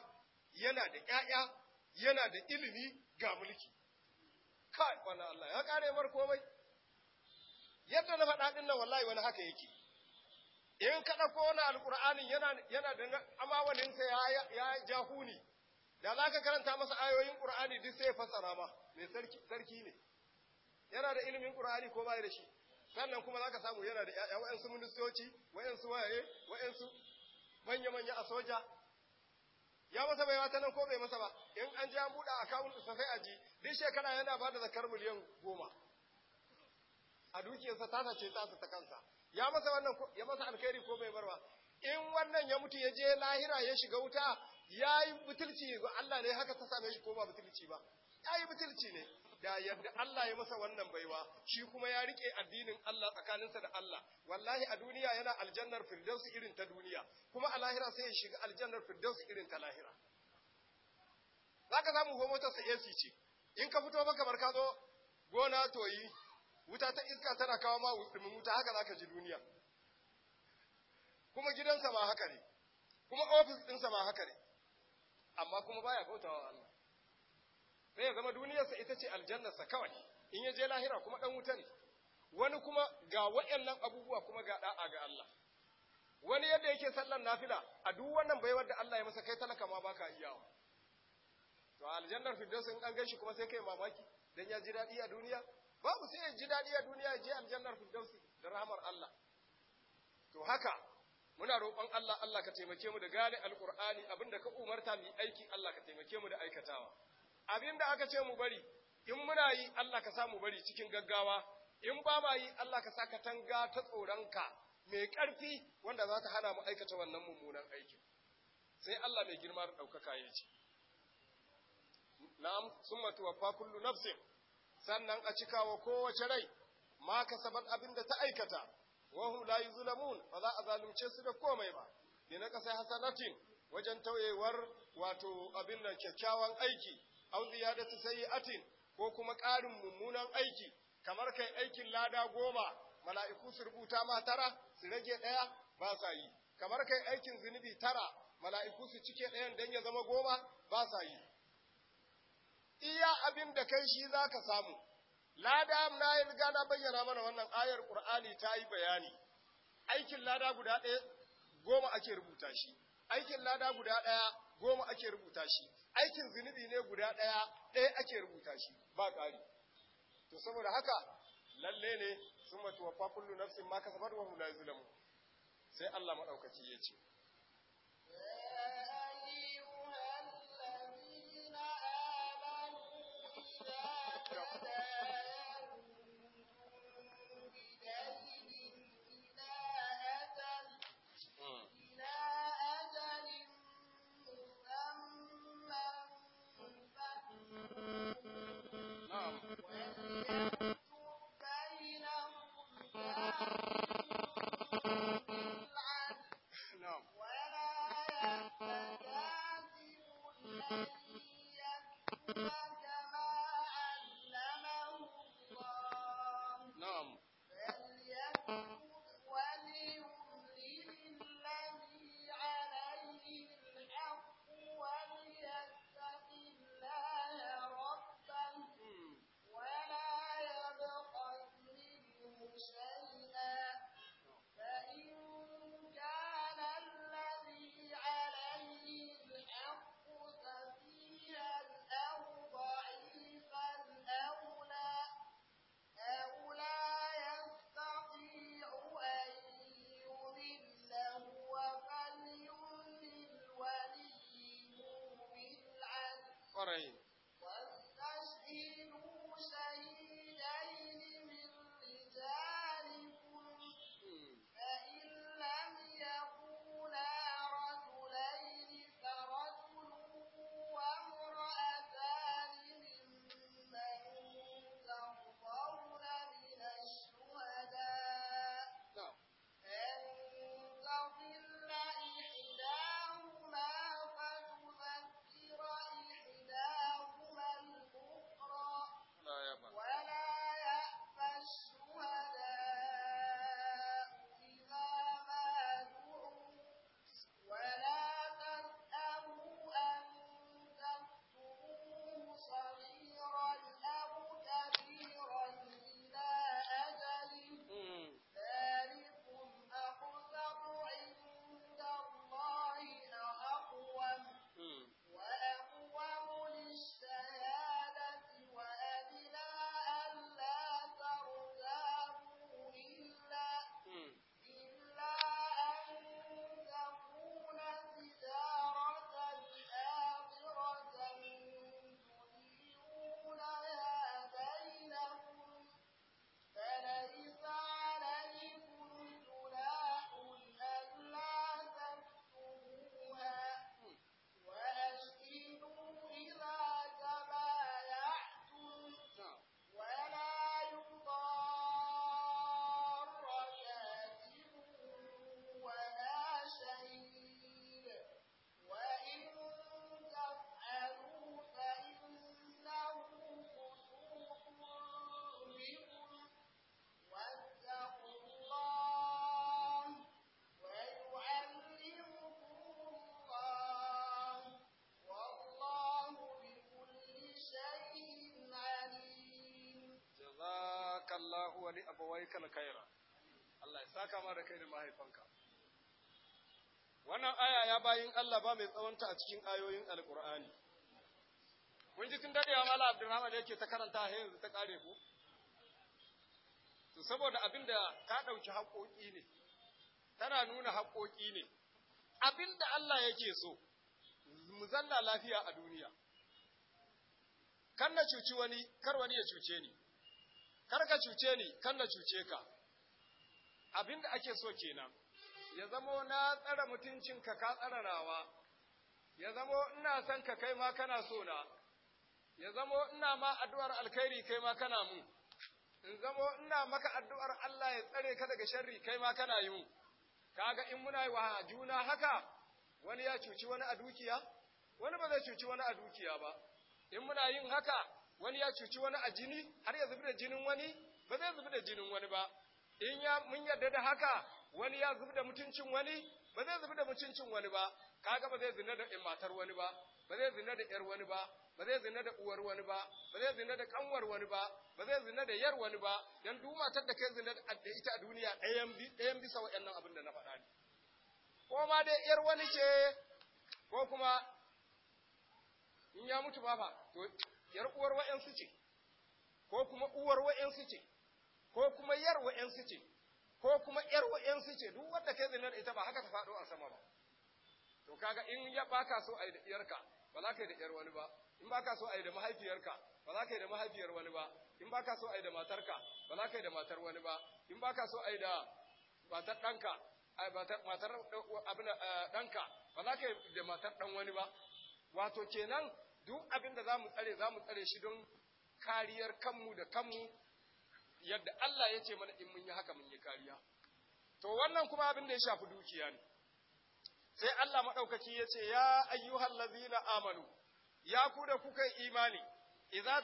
Speaker 1: yana da ƴaƴa yana da ilimi ga mulki kai wala Allah ya kare mar komai yadda na faɗa ɗin nan wallahi wani haka yake in ka ɗauko wani alƙur'anin yana yana da amawalinsa ya ya jahuni da za ka karanta masa ayoyin ƙur'ani duk sai ya fassara ma mai sarki ne yana da ilimin ƙur'ani ko bai da shi sannan kuma za ka samu yana da ‘ya'ya wa'yansu ministoci su waye su manya-manya a soja ya masa baiwa wata nan ko bai masa ba in an ji an buɗe akawun ɗinsa sai a ji duk shekara yana ba da zakar miliyan goma a dukiyarsa ta ce ta ta kansa ya masa wannan ya masa alkhairi ko bai barwa in wannan ya mutu ya je lahira ya shiga wuta ya yi butulci Allah ne haka ta same shi ko ba butulci ba ya yi butulci ne da yadda Allah ya masa wannan baiwa shi kuma ya rike addinin Allah tsakaninsa da Allah wallahi a duniya yana aljannar firdausi irin ta duniya kuma a lahira sai ya shiga aljannar firdausi irin ta lahira zaka samu ko motarsa AC ce in ka fito baka ka zo gona toyi wuta ta iska tana kawo ma dumin wuta haka zaka ji duniya kuma gidansa ma haka ne kuma ofis ɗinsa ma haka ne amma kuma baya bautawa Allah sai ya zama duniyarsa ita ce aljannarsa kawai in ya je lahira kuma dan wuta ne wani kuma ga waɗannan abubuwa kuma ga da'a ga Allah wani yadda yake sallan nafila a duk wannan baiwar da Allah ya masa kai talaka ma baka iyawa to aljannar firdaus in an ganshi kuma sai kai mamaki dan ya ji dadi a duniya babu sai ya ji dadi a duniya ya je aljannar firdaus da rahmar Allah to haka muna roƙon Allah Allah ka taimake mu da gane alqur'ani abinda ka umarta mu aiki Allah ka taimake mu da aikatawa abin da aka ce mu bari in muna yi Allah ka sa mu bari cikin gaggawa in ba ma yi Allah ka sa tanga ta tsoronka mai ƙarfi wanda za ta hana mu aikata wannan mummunan aikin sai Allah mai girma da ɗaukaka ya ce na'am summa tuwaffa kullu nafsin sannan a cikawa kowace rai ma kasabat abin da ta aikata wa hum la yuzlamun ba za a zalunce su da komai ba bi na kasai hasanatin wajen tauyewar wato abin da kyakkyawan aiki aw ziyadatu sayi'atin ko kuma ƙarin mummunan aiki kamar kai aikin lada goma mala'iku su rubuta ma tara su rage ɗaya ba sa yi kamar kai aikin zunubi tara mala'iku su cike ɗayan don ya zama goma ba sa yi iya abin da kai shi za ka samu lada na yi riga na bayyana mana wannan ayar ƙur'ani ta yi bayani aikin lada guda ɗaya goma ake rubuta shi aikin lada guda ɗaya goma ake rubuta shi aikin zunubi ne guda ɗaya ɗaya ake rubuta shi ba ƙari to saboda haka lalle ne sun matu wa kullu nafsin ma kasabat wa hula la mu, sai Allah maɗaukaci ya ce para abu wai abawayka kaira Allah ya saka ma da kai da mahaifanka wannan aya ya bayin Allah ba mai tsawonta a cikin ayoyin alqur'ani kun ji tun dadewa mala abdurrahman yake ta karanta har yanzu ta kare ku to saboda abinda ka dauki haƙoƙi ne tana nuna haƙoƙi ne abinda Allah yake so mu zanna lafiya a duniya kan na cuci wani kar wani ya cuce ni kar ka cuce ni kan na cuce ka abinda ake so kenan ya zamo na tsara mutuncin ka tsara rawa ya zamo ina son ka kai ma kana so na ya zamo ina ma addu'ar alkhairi kai ma kana mu in zamo ina maka addu'ar Allah ya tsare ka daga sharri kai ma kana yi mu kaga in muna yi wa juna haka wani ya cuci wani a dukiya wani ba zai cuci wani a dukiya ba in muna yin haka wani ya cuci wani a jini har ya zubi da jinin wani ba zai zubi da jinin wani ba in ya mun yarda da haka wani ya zubi da mutuncin wani ba zai zubi da mutuncin wani ba kaga ba zai zina da matar wani ba ba zai zina da yar wani ba ba zai zina da uwar wani ba ba zai zina da kanwar wani ba ba zai zina da yar wani ba dan duk matar da kai zina da ita a duniya ɗayan bisa waɗannan abin da na faɗa ne ko ma dai yar wani ce ko kuma in ya mutu ba fa to yar uwar wa'yansu ce, ko kuma uwar wa'yansu ce, ko kuma yar wa'yansu ce, ko kuma yar wa'yansu ce, duk wadda kai zinar ita ba haka ta faɗo a sama ba. To kaga in ya baka so a yi da iyarka, ba za ka yi da iyar wani ba, in baka so a yi da mahaifiyarka, ba za ka yi da mahaifiyar wani ba, in baka so a yi da matarka, ba za ka yi da matar wani ba, in baka so a yi da matar ɗanka, matar eh, ɗanka, ba za ka yi da matar ɗan wani ba. Wato kenan duk abin da za mu tsare za mu tsare shi don kariyar kanmu da kanmu yadda Allah ya ce mana in mun yi haka mun yi kariya to wannan kuma abin da ya shafi dukiya ne sai Allah maɗaukaki ya ce ya ayyuhal lazina amanu ya ku da kuka imani idza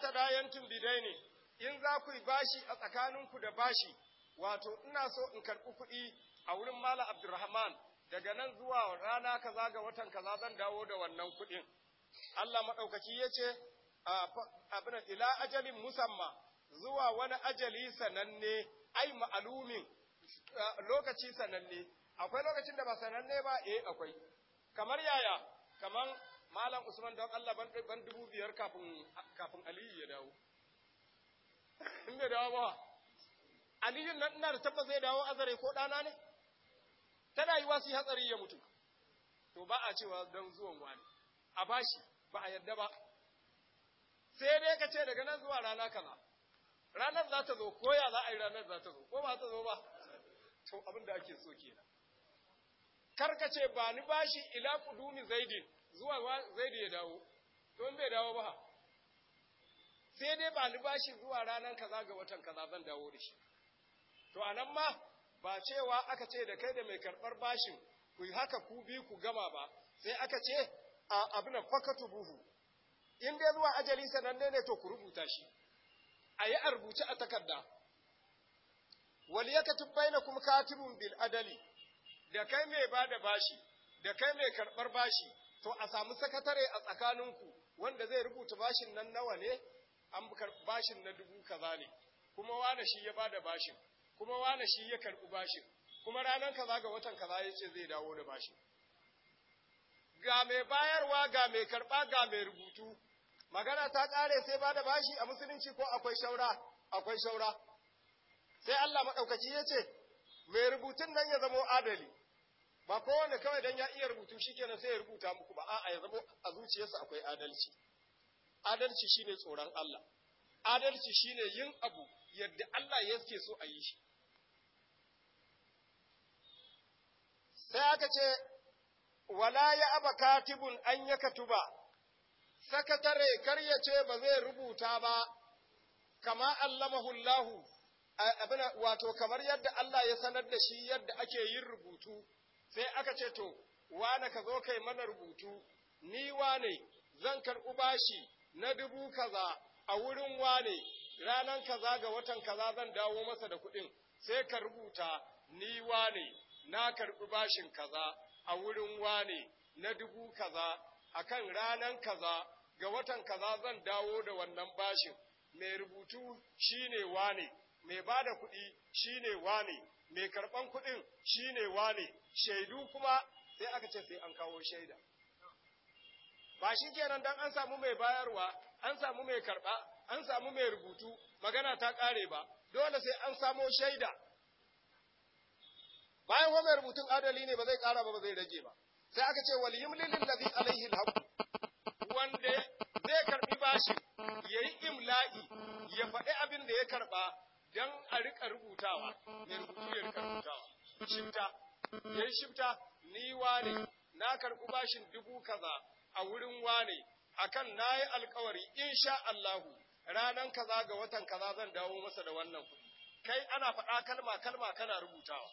Speaker 1: bidai ne, in za ku yi bashi a tsakaninku da bashi wato ina so in karɓi kuɗi a wurin Malam Abdulrahman daga nan zuwa rana kaza ga watan kaza zan dawo da wannan kuɗin Allah maɗaukaki ya ce, abin ila ajalin musamma zuwa wani ajali sananne, ai ma'alumin lokaci sananne, akwai lokacin da ba sananne ba, eh akwai. Kamar yaya, kamar Malam Usman don Allah ban dubu biyar kafin Aliyu ya dawo. In dawo ba, Aliyu nan ina da tabbas zai dawo azare ko ɗana ne? Tana yi wasu hatsari ya mutu. To ba a cewa don zuwan wani, a bashi. ba a yarda ba sai dai ka ce daga nan zuwa rana kaza ranar za ta zo ko ya za a yi ranar za ta zo ko ba ta zo ba to abin da ake so kenan karkace ba ni bashi ila kudumi zaidin zuwa zaidi ya dawo don bai dawo ba sai dai ba ni bashi zuwa ranar kaza ga watan kaza zan dawo da shi to anan ma ba cewa aka ce da kai da mai karɓar bashin ku yi haka ku bi ku gama ba sai aka ce A abin fakatu buhu in dai zuwa ajali sananne ne to ku rubuta shi a yi a rubuce a takarda wal yakatub bainakum katibun bil adali da kai mai bada bashi da kai mai karbar bashi to a samu sakatare a tsakaninku wanda zai rubuta bashin nan nawa ne an bashin na dubu kaza ne kuma wane shi ya bada bashin kuma wane shi ya karbi bashin kuma ranar kaza ga watan kaza ya ce zai dawo da bashin ga mai bayarwa ga mai karɓa ga mai rubutu magana ta ƙare sai ba da bashi a musulunci ko akwai shaura akwai shaura sai Allah maɗaukaci ya ce mai rubutun nan ya zamo adali ba kowane kawai don ya iya rubutu kenan sai ya rubuta muku ba a'a ya zamo a zuciyarsa akwai adalci adalci shine tsoron Allah adalci shine yin abu yadda Allah ya suke so a yi shi sai aka ce wala ya aba katibun an ya katuba, sakatare karyace ba zai rubuta ba, kama allamahullahu, wato kamar yadda Allah ya sanar da shi yadda ake yin rubutu, sai aka ce to, wane ka zo kai mana rubutu, ni wane zan karɓi bashi na dubu kaza a wurin wane, ranan kaza ga watan kaza zan dawo masa da kuɗin, sai ka rubuta ni wane na karɓi bashin kaza. a wurin wane na dubu kaza akan ranan kaza ga watan kaza zan dawo da wannan bashin mai rubutu shine wane mai bada kuɗi shine wane mai karɓan kuɗin shine wane shaidu kuma sai aka ce sai an kawo shaida ba shi kenan dan an samu mai bayarwa an samu mai karɓa an samu mai rubutu magana ta ƙare ba dole sai an samo shaida bayan wa rubutun adali ne ba zai ƙara ba ba zai rage ba sai aka ce wal yimlil ladhi alaihi alhaq wanda zai karbi bashi yayi imla'i ya faɗi abin da ya karba dan a rika rubutawa mai rubutu ya rika rubutawa shifta yayi shifta ni wane na karbi bashin dubu kaza a wurin wane akan nayi alkawari insha Allahu ranan kaza ga watan kaza zan dawo masa da wannan kuɗi kai ana faɗa kalma kalma kana rubutawa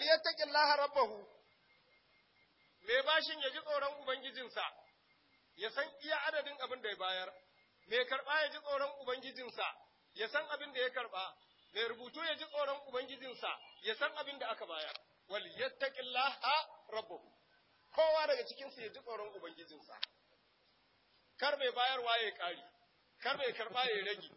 Speaker 1: waliyattaqi Allah rabbahu me bashin ya ji tsoron ubangijinsa ya san iya adadin abin da ya bayar me karba ya ji tsoron ubangijinsa ya san abin da ya karba me rubutu ya ji tsoron ubangijinsa ya san abin da aka bayar waliyattaqi rabbahu kowa daga cikinsu ya ji tsoron ubangijinsa kar mai bayarwa ya kari kar mai karba ya rage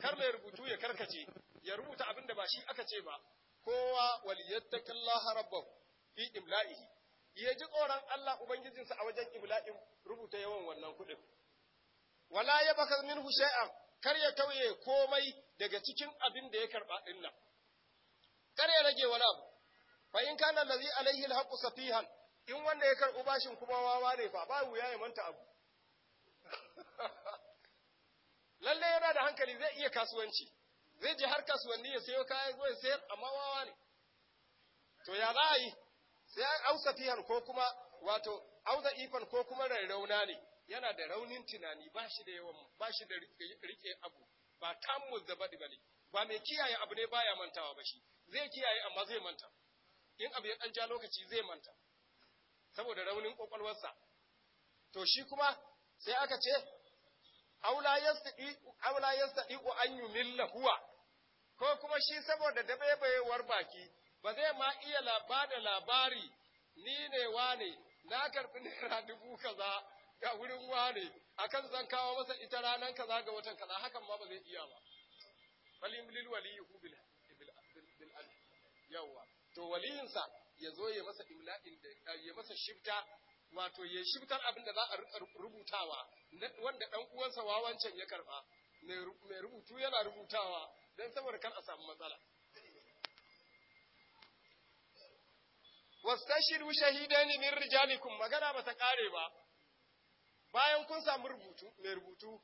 Speaker 1: kar mai rubutu ya karkace ya rubuta abin da ba shi aka ce ba kowa waliyattaqillaha rabbahu fi imla'ihi ya ji tsoron Allah ubangijinsa a wajen imla'in rubuta yawan wannan kuɗin wala ya baka min shay'an kar ya tauye komai daga cikin abin da ya karba din nan kar ya rage wala abu fa in kana allazi alaihi alhaqu safihan in wanda ya karɓi bashin kuma wawa ne fa ba wuya ya manta abu lalle yana da hankali zai iya kasuwanci zai je har kasuwanni ya sayo kayan ruwan sayar amma wawa ne to ya za a yi sai an ausa fihan ko kuma wato auza ifan ko kuma rairauna ne yana da raunin tunani ba shi da yawan ba shi da rike abu ba tamu da baɗi ba mai kiyaye abu ne baya mantawa ba shi zai kiyaye amma zai manta in abu ya ɗan ja lokaci zai manta saboda raunin ƙwaƙwalwarsa to shi kuma sai aka ce aula yastadi aula yastadi an yumilla huwa ko kuma shi saboda dabaibayewar baki ba zai ma iya laba da labari ni ne wane na karɓi naira dubu kaza ga wurin wane akan zan kawo masa ita ranar kaza ga watan kaza hakan ma ba zai iya ba falim lil waliyhu bil bil al yawa to waliyin ya zo ya masa imla'in da ya masa shifta wato ya shiftar abin da za a rubutawa wanda dan uwansa wawancan ya karba mai rubutu yana rubutawa don saboda kar a samu matsala Wastashir shahidaini min rijalikum magana ba ta kare ba bayan kun samu rubutu mai rubutu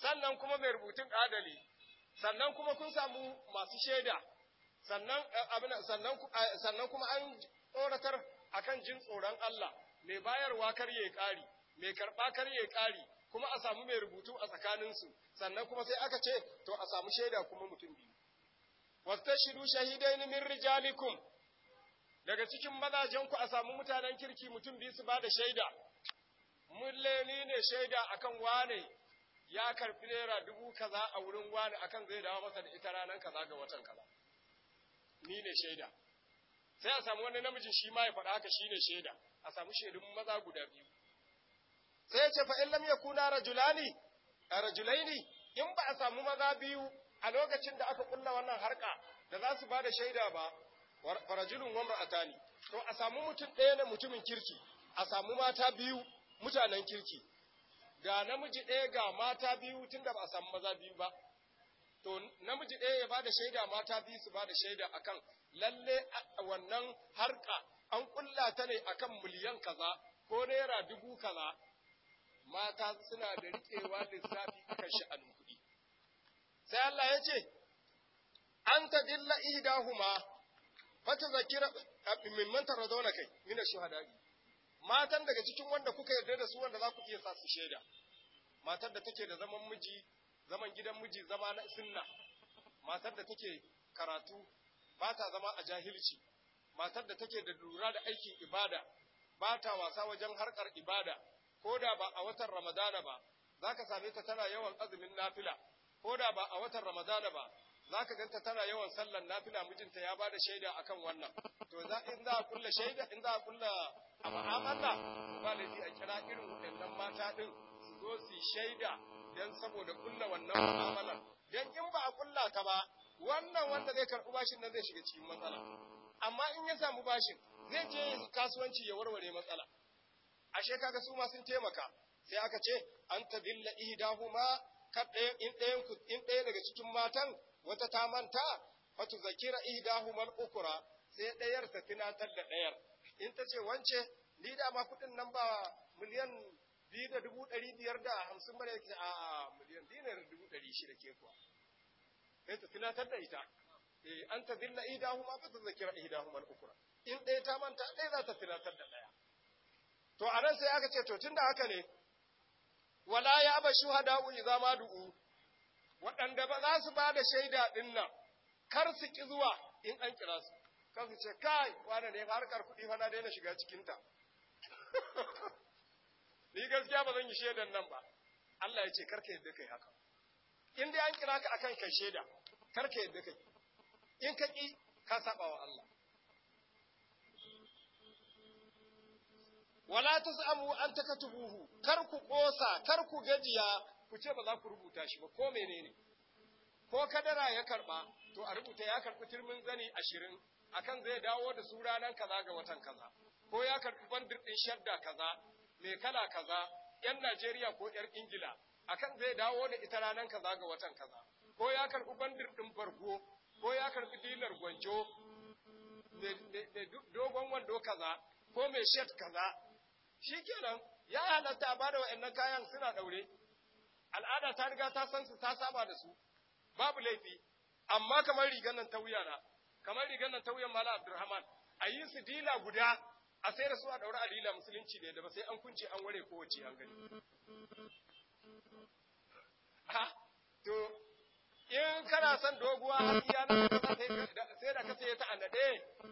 Speaker 1: sannan kuma mai rubutun adali sannan kuma kun samu masu shaida sannan eh, abin sannan eh, sannan kuma an tsoratar akan jin tsoron Allah mai bayarwa kar ya kari mai karba kar ya kari kuma a samu mai rubutu a tsakaninsu sannan kuma sai aka ce to a samu shaida kuma mutum biyu wastashidu shahidaini min rijalikum daga cikin mazajenku a samu mutanen kirki mutum biyu su bada shaida mulleni ne shaida akan wane ya karfi naira dubu kaza a wurin wani akan zai dawo masa da ita ranar kaza ga watan kaza ni ne shaida sai a samu wani namijin shi ma ya faɗa haka shi ne shaida a samu shaidun maza guda biyu sai ya ce fa in lam yakuna rajulani rajulaini in ba a samu maza biyu a lokacin da aka kulla wannan harka da za su ba da shaida ba farajulun wa mar'atani to a samu mutum ɗaya na mutumin kirki a samu mata biyu mutanen kirki ga namiji ɗaya ga mata biyu tun da ba a samu maza biyu ba to namiji ɗaya ya bada shaida mata biyu su bada shaida akan lalle wannan harka an kulla ta ne akan miliyan kaza ko naira dubu kaza mata suna da riƙewa lissafi akan sha’an kuɗi sai Allah ya ce an ta dilla idahuma fata zakira mimman zauna kai mina hadari. matan daga cikin wanda kuka yarda da su wanda za ku iya sa su shaida matar da take da zaman miji zaman gidan miji zama na sunna matar da take karatu ba ta zama a jahilci matar da take da lura da aikin ibada ba ta wasa wajen harkar ibada ko da ba a watan ramadana ba za ka same ta tana yawan azumin nafila ko da ba a watan ramadana ba za ka ganta tana yawan sallan nafila mijinta ya bada shaida kan wannan to in za a kulla shaida in za a kulla a ma'amala ba laifi a kira irin waɗannan mata din su zo su shaida dan saboda kulla wannan mu'amalar dan in ba a kulla ka ba wannan wanda zai karɓi bashin nan zai shiga cikin matsala amma in ya samu bashin zai je kasuwanci ya warware matsala ashe kaga su ma sun taimaka sai aka ce an dilla ihdahuma kad in ɗayan ku in ɗaya daga cikin matan wata ta manta fatu zakira ihdahuma al-ukra sai ɗayar ta tunatar da ɗayar in ta ce wance ni da ma kuɗin nan ba miliyan biyu da dubu ɗari biyar da hamsin bane yake a miliyan biyu da dubu ɗari shida ke kuwa sai ta tunatar da ita eh an dilla ihdahuma fatu zakira ihdahuma al-ukra in ɗaya ta manta ɗaya za ta tunatar da ɗaya to a nan sai aka ce to tunda haka ne wala ya hada shuhada'u za ma du'u waɗanda ba za su bada shaida din nan kar su ki zuwa in an kira su kar su ce kai wanda ne harkar kuɗi fa na daina shiga cikin ta ni gaskiya ba zan yi shaidan nan ba Allah ya ce kar ka yadda kai haka in dai an kira ka akan kai shaida kar ka yadda kai in ka ki ka saba wa Allah wala tasamu an takatubuhu kar ku kosa kar ku gajiya ku ce ba za ku rubuta shi ba ko menene ko kadara ya karba to a rubuta ya karbi turmin zani ashirin akan zai dawo da su ranar kaza ga watan kaza ko ya karbi bandir din shadda kaza mai kala kaza yan Najeriya ko yar Ingila akan zai dawo da ita ranar kaza ga watan kaza ko ya karbi bandir din bargo ko ya karbi dilar gwanjo mai dogon wando kaza ko mai shet kaza shi kenan ya halatta ba da wa'annan kayan suna ɗaure al'ada ta riga ta san su ta saba da su babu laifi amma kamar rigan nan ta wuya na kamar rigan nan ta wuyan mala abdurrahman a yi su dila guda a sai da su a ɗaure a dila musulunci da ba sai an kunce an ware kowace an gani to in kana son doguwa har iya na sai da ka sai ta annade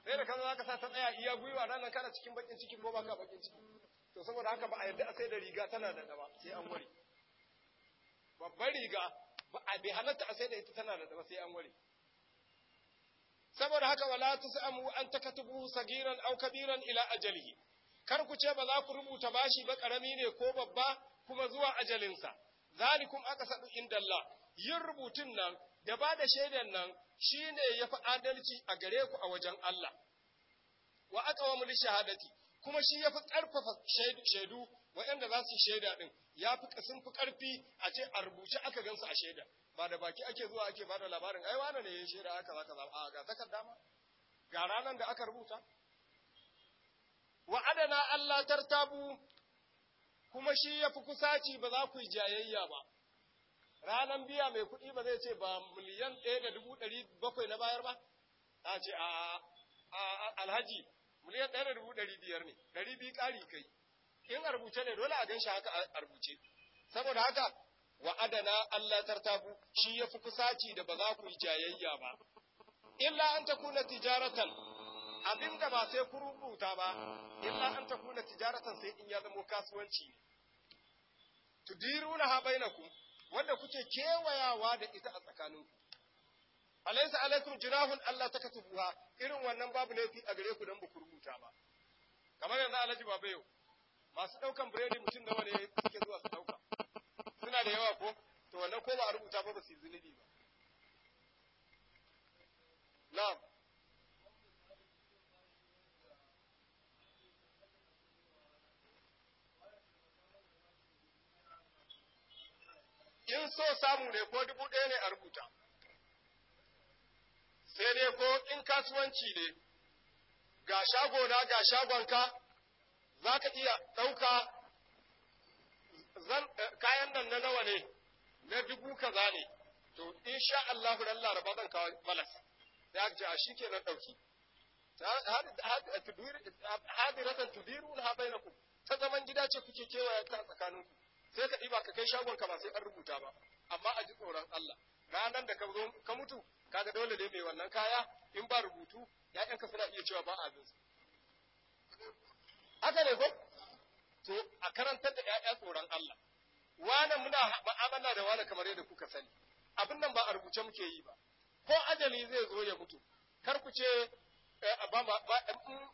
Speaker 1: sai da ka za ka sa ta tsaya iya gwiwa ranar kana cikin bakin ciki ko baka bakin ciki to saboda haka ba a yarda a sai da riga tana da daba sai an ware babbar riga ba a bi halatta a sai da ita tana da daba sai an ware saboda haka wala tusamu an takatubu sagiran aw kabiran ila ajalihi kar ku ce ba za ku rubuta bashi ba karami ne ko babba kuma zuwa ajalinsa zalikum aqsadu Allah. yin rubutun nan da ba da shaidan nan shine yafi adalci a gare ku a wajen Allah wa aqwamu lishahadati kuma shi ya fi ƙarfafa shaidu waɗanda za su shaida ɗin ya fi sun fi ƙarfi a ce a rubuce aka su a shaida ba da baki ake zuwa ake ba da labarin ai wane ne ya shaida aka za ka a ga takarda ma ga ranar da aka rubuta wa'adana Allah tartabu kuma shi ya fi kusaci ba za ku yi jayayya ba ranan biya mai kuɗi ba zai ce ba miliyan ɗaya da dubu ɗari bakwai na bayar ba a ce a alhaji miliyan ɗaya da dubu ɗari biyar ne ɗari biyu ƙari kai in a rubuce ne dole a gan shi haka a rubuce saboda haka wa adana Allah tartabu shi ya fi kusaci da ba za ku yi jayayya ba illa an ta kuna tijaratan abin da ba sai ku rubuta ba illa an ta kuna tijaratan sai in ya zama kasuwanci ne na ha bainakum wanda kuke kewayawa da ita a tsakaninku alaysa alaikum jinahun Allah ta takatubuha irin wannan babu laifi a gare ku dan buku rubuta ba kamar yanzu Alhaji Baba yau masu daukan biredi mutum nawa ne suke zuwa su dauka suna da yawa ko to wannan ko ba a rubuta ba ba su zunubi ba na'am in so samu ne ko dubu ɗaya ne a rubuta sai ne ko in kasuwanci ne ga shagona ga shagonka za ka iya ɗauka eh, kayan nan na nawa ne na dubu kaza ne to in sha Allah ran laraba zan kawo malas sai aka ce a shi kenan ɗauki hadiratan eh, tudiru na na haɓai ku ta zaman gida ce kuke kewaye ta tsakaninku sai ka ɗiba ka kai shagonka ba sai an rubuta ba amma a ji tsoron Allah ranar da ka mutu kaga dole dai mai wannan kaya in ba rubutu ‘ya'yanka suna iya cewa ba abin su haka ne ko to a karantar da ‘ya'ya tsoron Allah wannan muna ma'amala da wani kamar yadda kuka sani abin nan ba a rubuce muke yi ba ko ajali zai zo ya mutu kar ku ce eh,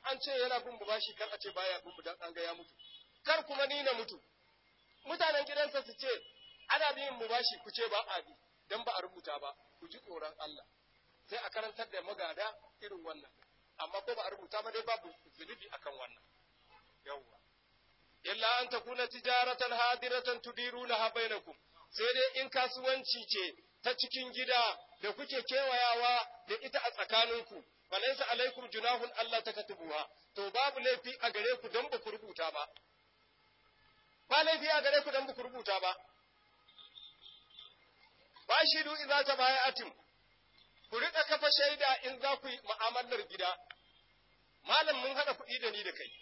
Speaker 1: an ce yana bin mu bashi kar a ce baya bin mu dan an ga ya mutu kar kuma ni na mutu mutanen gidansa su ce ana bin mu bashi ku ce ba a bi dan ba a rubuta ba ku ji tsoron Allah sai a karantar da magada irin wannan amma ko ba a rubuta ba dai babu zunubi akan wannan yawwa illa an kuna tijaratan hadiratan ha bainakum sai dai in kasuwanci ce ta cikin gida da kuke kewayawa da ita a tsakaninku falaysa alaikum junahun Allah ta takatubuha to babu laifi a gare ku dan ba ku rubuta ba ba laifi a gare ku dan ba ku rubuta ba ta idza atin ku rika kafa shaida in za ku yi mu'amalar gida malam mun hada kuɗi da ni da kai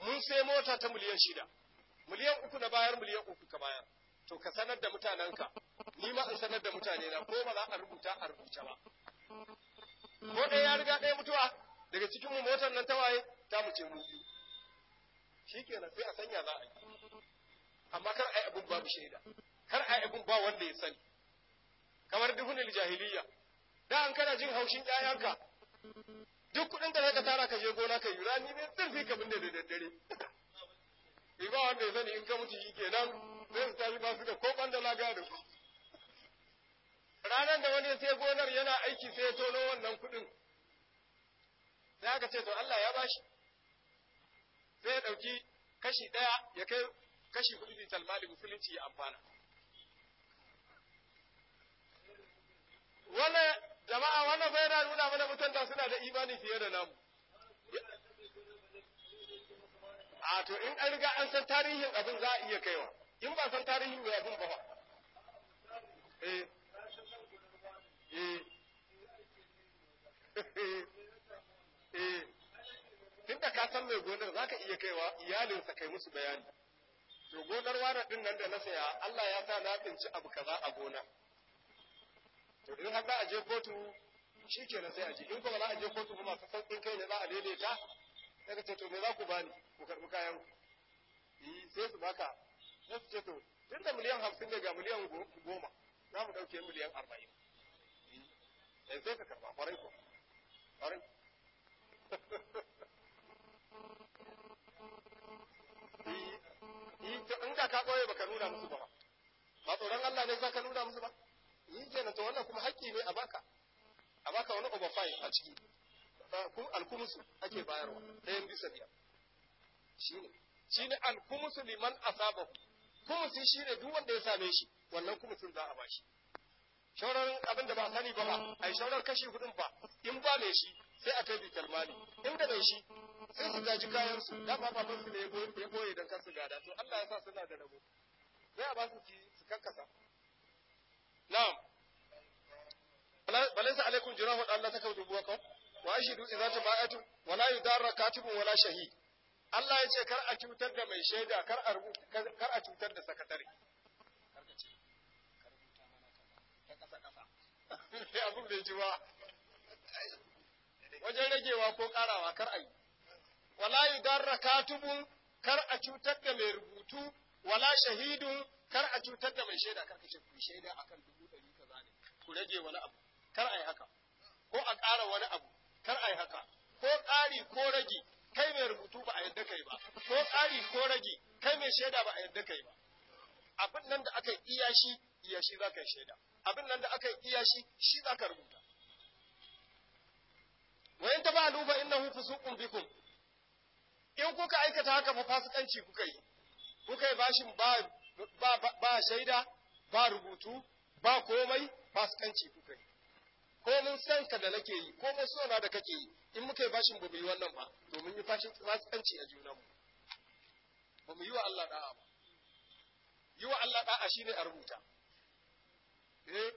Speaker 1: mun sai mota ta miliyan shida miliyan uku na bayar miliyan uku ka bayar to ka sanar da mutanenka ni ma in sanar da mutane na ko ba za a rubuta a rubuta ba ko ɗaya ya riga ɗaya mutuwa daga cikin mu motar nan ta waye ta mu ce mu biyu shikenan sai a sanya za a yi amma kar a yi abin babu shaida kar a yi abin ba wanda ya sani kamar duhunil jahiliya da an kana jin haushin ƴaƴanka duk kuɗin da zaka tara ka je gona ka yi rani ne zurfi ka binne da daddare ba wanda ya sani in ka mutu shi kenan zai su tafi ba su da ko da laga da su ranar da wani sai gonar yana aiki sai ya tono wannan kuɗin sai aka ce to Allah ya bashi sai ya ɗauki kashi ɗaya ya kai kashi kuɗi talmali musulunci ya amfana wannan jama'a wannan bai da nuna mana mutunta suna da imani fiye da namu
Speaker 2: a to in an riga an san
Speaker 1: tarihin abin za a iya kaiwa in ba san tarihin mai abin ba ba eh eh eh tunda ka san mai gonar zaka iya kaiwa iyalinsa kai musu bayani to gonar wara din nan da na saya Allah ya sa na tsinci abu kaza a gona to in har za a je kotu shi na sai a je in kuma za a je kotu kuma ka san kai ne za a daidaita sai ka ce to me za ku bani ku karbi kayan yi sai su baka sai su ce to tun da miliyan hamsin daga miliyan goma za mu ɗauke miliyan arba'in yanzu eh, sai ka karba kwarai ko ƙwarai in da ka ɓoye baka nuna musu ba ba tsoron Allah ne wannan kuma haƙƙi ne a baka a baka wani over five a ciki ah, alkumusu ake bayarwa ɗayan bisa biyar shi ne alkumusu liman asabahu kumusi ne duk wanda ya same shi wannan kumusin za a shi shauran abin da ba a sani ba ba yi shauran kashi hudun ba in ba mai shi sai a kai bitar mali in da mai shi sai su gaji kayan su da ba ba su ne ya goye don kasu gada to Allah ya sa suna da rabo sai a ba su ci su kakkasa na'am balaysa alaikum junahu Allah takawdu buwakum wa ashidu idza tabayatum wa la yudarra katibun wala shahi Allah ya ce kar a cutar da mai shaida kar a rubuta kar a cutar da sakatare kar ka ce ka rubuta mana kaza ta kasa kasa abun bai ji ba wajen ragewa ko karawa kar a yi wala yudarra katibun kar a cutar da mai rubutu wala shahidun kar a cutar da mai shaida kar ka ce ku shaida akan dubu ɗari kaza ne ku rage wani abu kar a yi haka ko a ƙara wani abu kar a yi haka ko ƙari ko rage kai mai rubutu ba a yadda kai ba ko ƙari ko rage kai mai shaida ba a yadda kai ba abin nan da aka yi iya shi iya shi za ka yi shaida abin nan da aka yi iya shi shi za ka rubuta wa in tabalu fa innahu fusuqun bikum in kuka aikata haka fa fasikanci kuka yi kuka yi bashin ba ba ba shaida ba rubutu ba komai fasikanci kuka yi ko mun san ka da nake yi ko mun sona da kake yi in muka yi bashin ba mu yi wannan ba domin yi fashin tsatsanci a mu ba mu yi wa Allah da'a ba yi wa Allah da'a shine a rubuta eh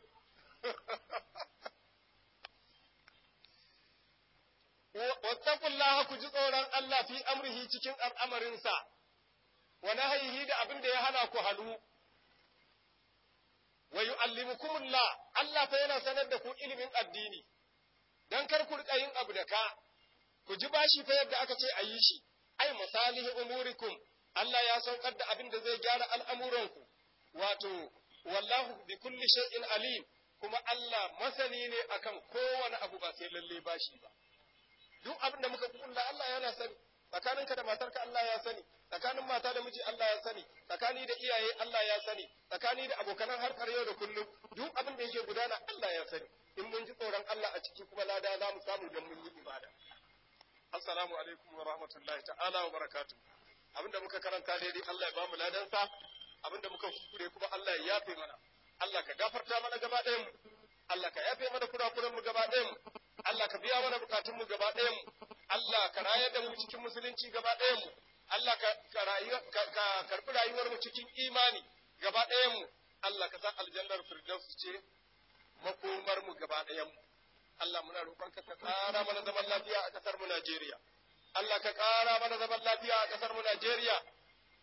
Speaker 1: ku ji tsoron Allah fi amrihi cikin al'amarinsa wa nahyihi da abin da ya hana ku halu wa yu'allimukumullah Allah fa yana sanar da ku ilimin addini dan kar ku rika yin abu da ka ku ji bashi fa yadda aka ce a yi shi ai masalihi umurikum Allah ya saukar da abin da zai gyara al'amuranku wato wallahu bi kulli shay'in alim kuma Allah masani ne akan kowane abu ba sai lalle bashi ba duk abin da muka kulla Allah yana sani tsakaninka da matarka Allah ya sani tsakanin mata da miji Allah ya sani tsakani da iyaye Allah ya sani tsakani da abokanan harkar yau da kullum duk abin da yake gudana Allah ya sani in mun ji tsoron Allah a ciki kuma lada za mu samu don mun yi ibada assalamu alaikum wa rahmatullahi ta'ala wa barakatuh abinda muka karanta daidai Allah ya bamu ladan sa abinda muka kure kuma Allah ya yafe mana Allah ka gafarta mana gaba ɗayan mu Allah ka yafe mana kurakuran mu gaba ɗayan mu Allah ka biya mana bukatun mu gaba ɗayan mu Allah ka rayar da mu cikin musulunci gaba ɗaya mu Allah ka karɓi rayuwar mu cikin imani gaba ɗaya mu Allah ka sa aljannar firdausu ce makomar mu gaba ɗaya mu Allah muna roƙon ka ƙara mana zaman lafiya a ƙasar mu Najeriya Allah ka ƙara mana zaman lafiya a ƙasar mu Najeriya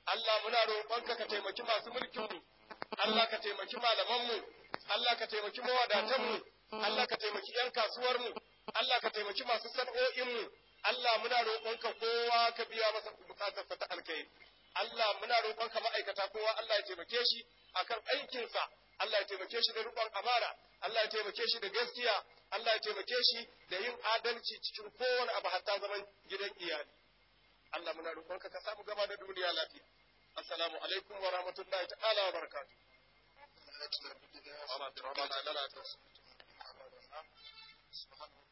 Speaker 1: Allah muna roƙon ka ka taimaki masu mulkin mu Allah ka taimaki malaman mu Allah ka taimaki mawadatan mu Allah ka taimaki 'yan kasuwar mu Allah ka taimaki masu sana'o'in mu Allah muna roƙonka kowa ka biya masa bukatarsa ta alkhairi Allah muna roƙonka ma'aikata kowa Allah ya taimake shi akan aikinsa Allah ya taimake shi da riƙon amara. Allah ya taimake shi da gaskiya Allah ya taimake shi da yin adalci cikin kowane abu hatta zaman gidan iyali Allah muna roƙonka ka samu gaba da duniya lafiya assalamu alaikum wa rahmatullahi ta'ala wa barakatuh
Speaker 2: ربنا wa
Speaker 3: تسبحانه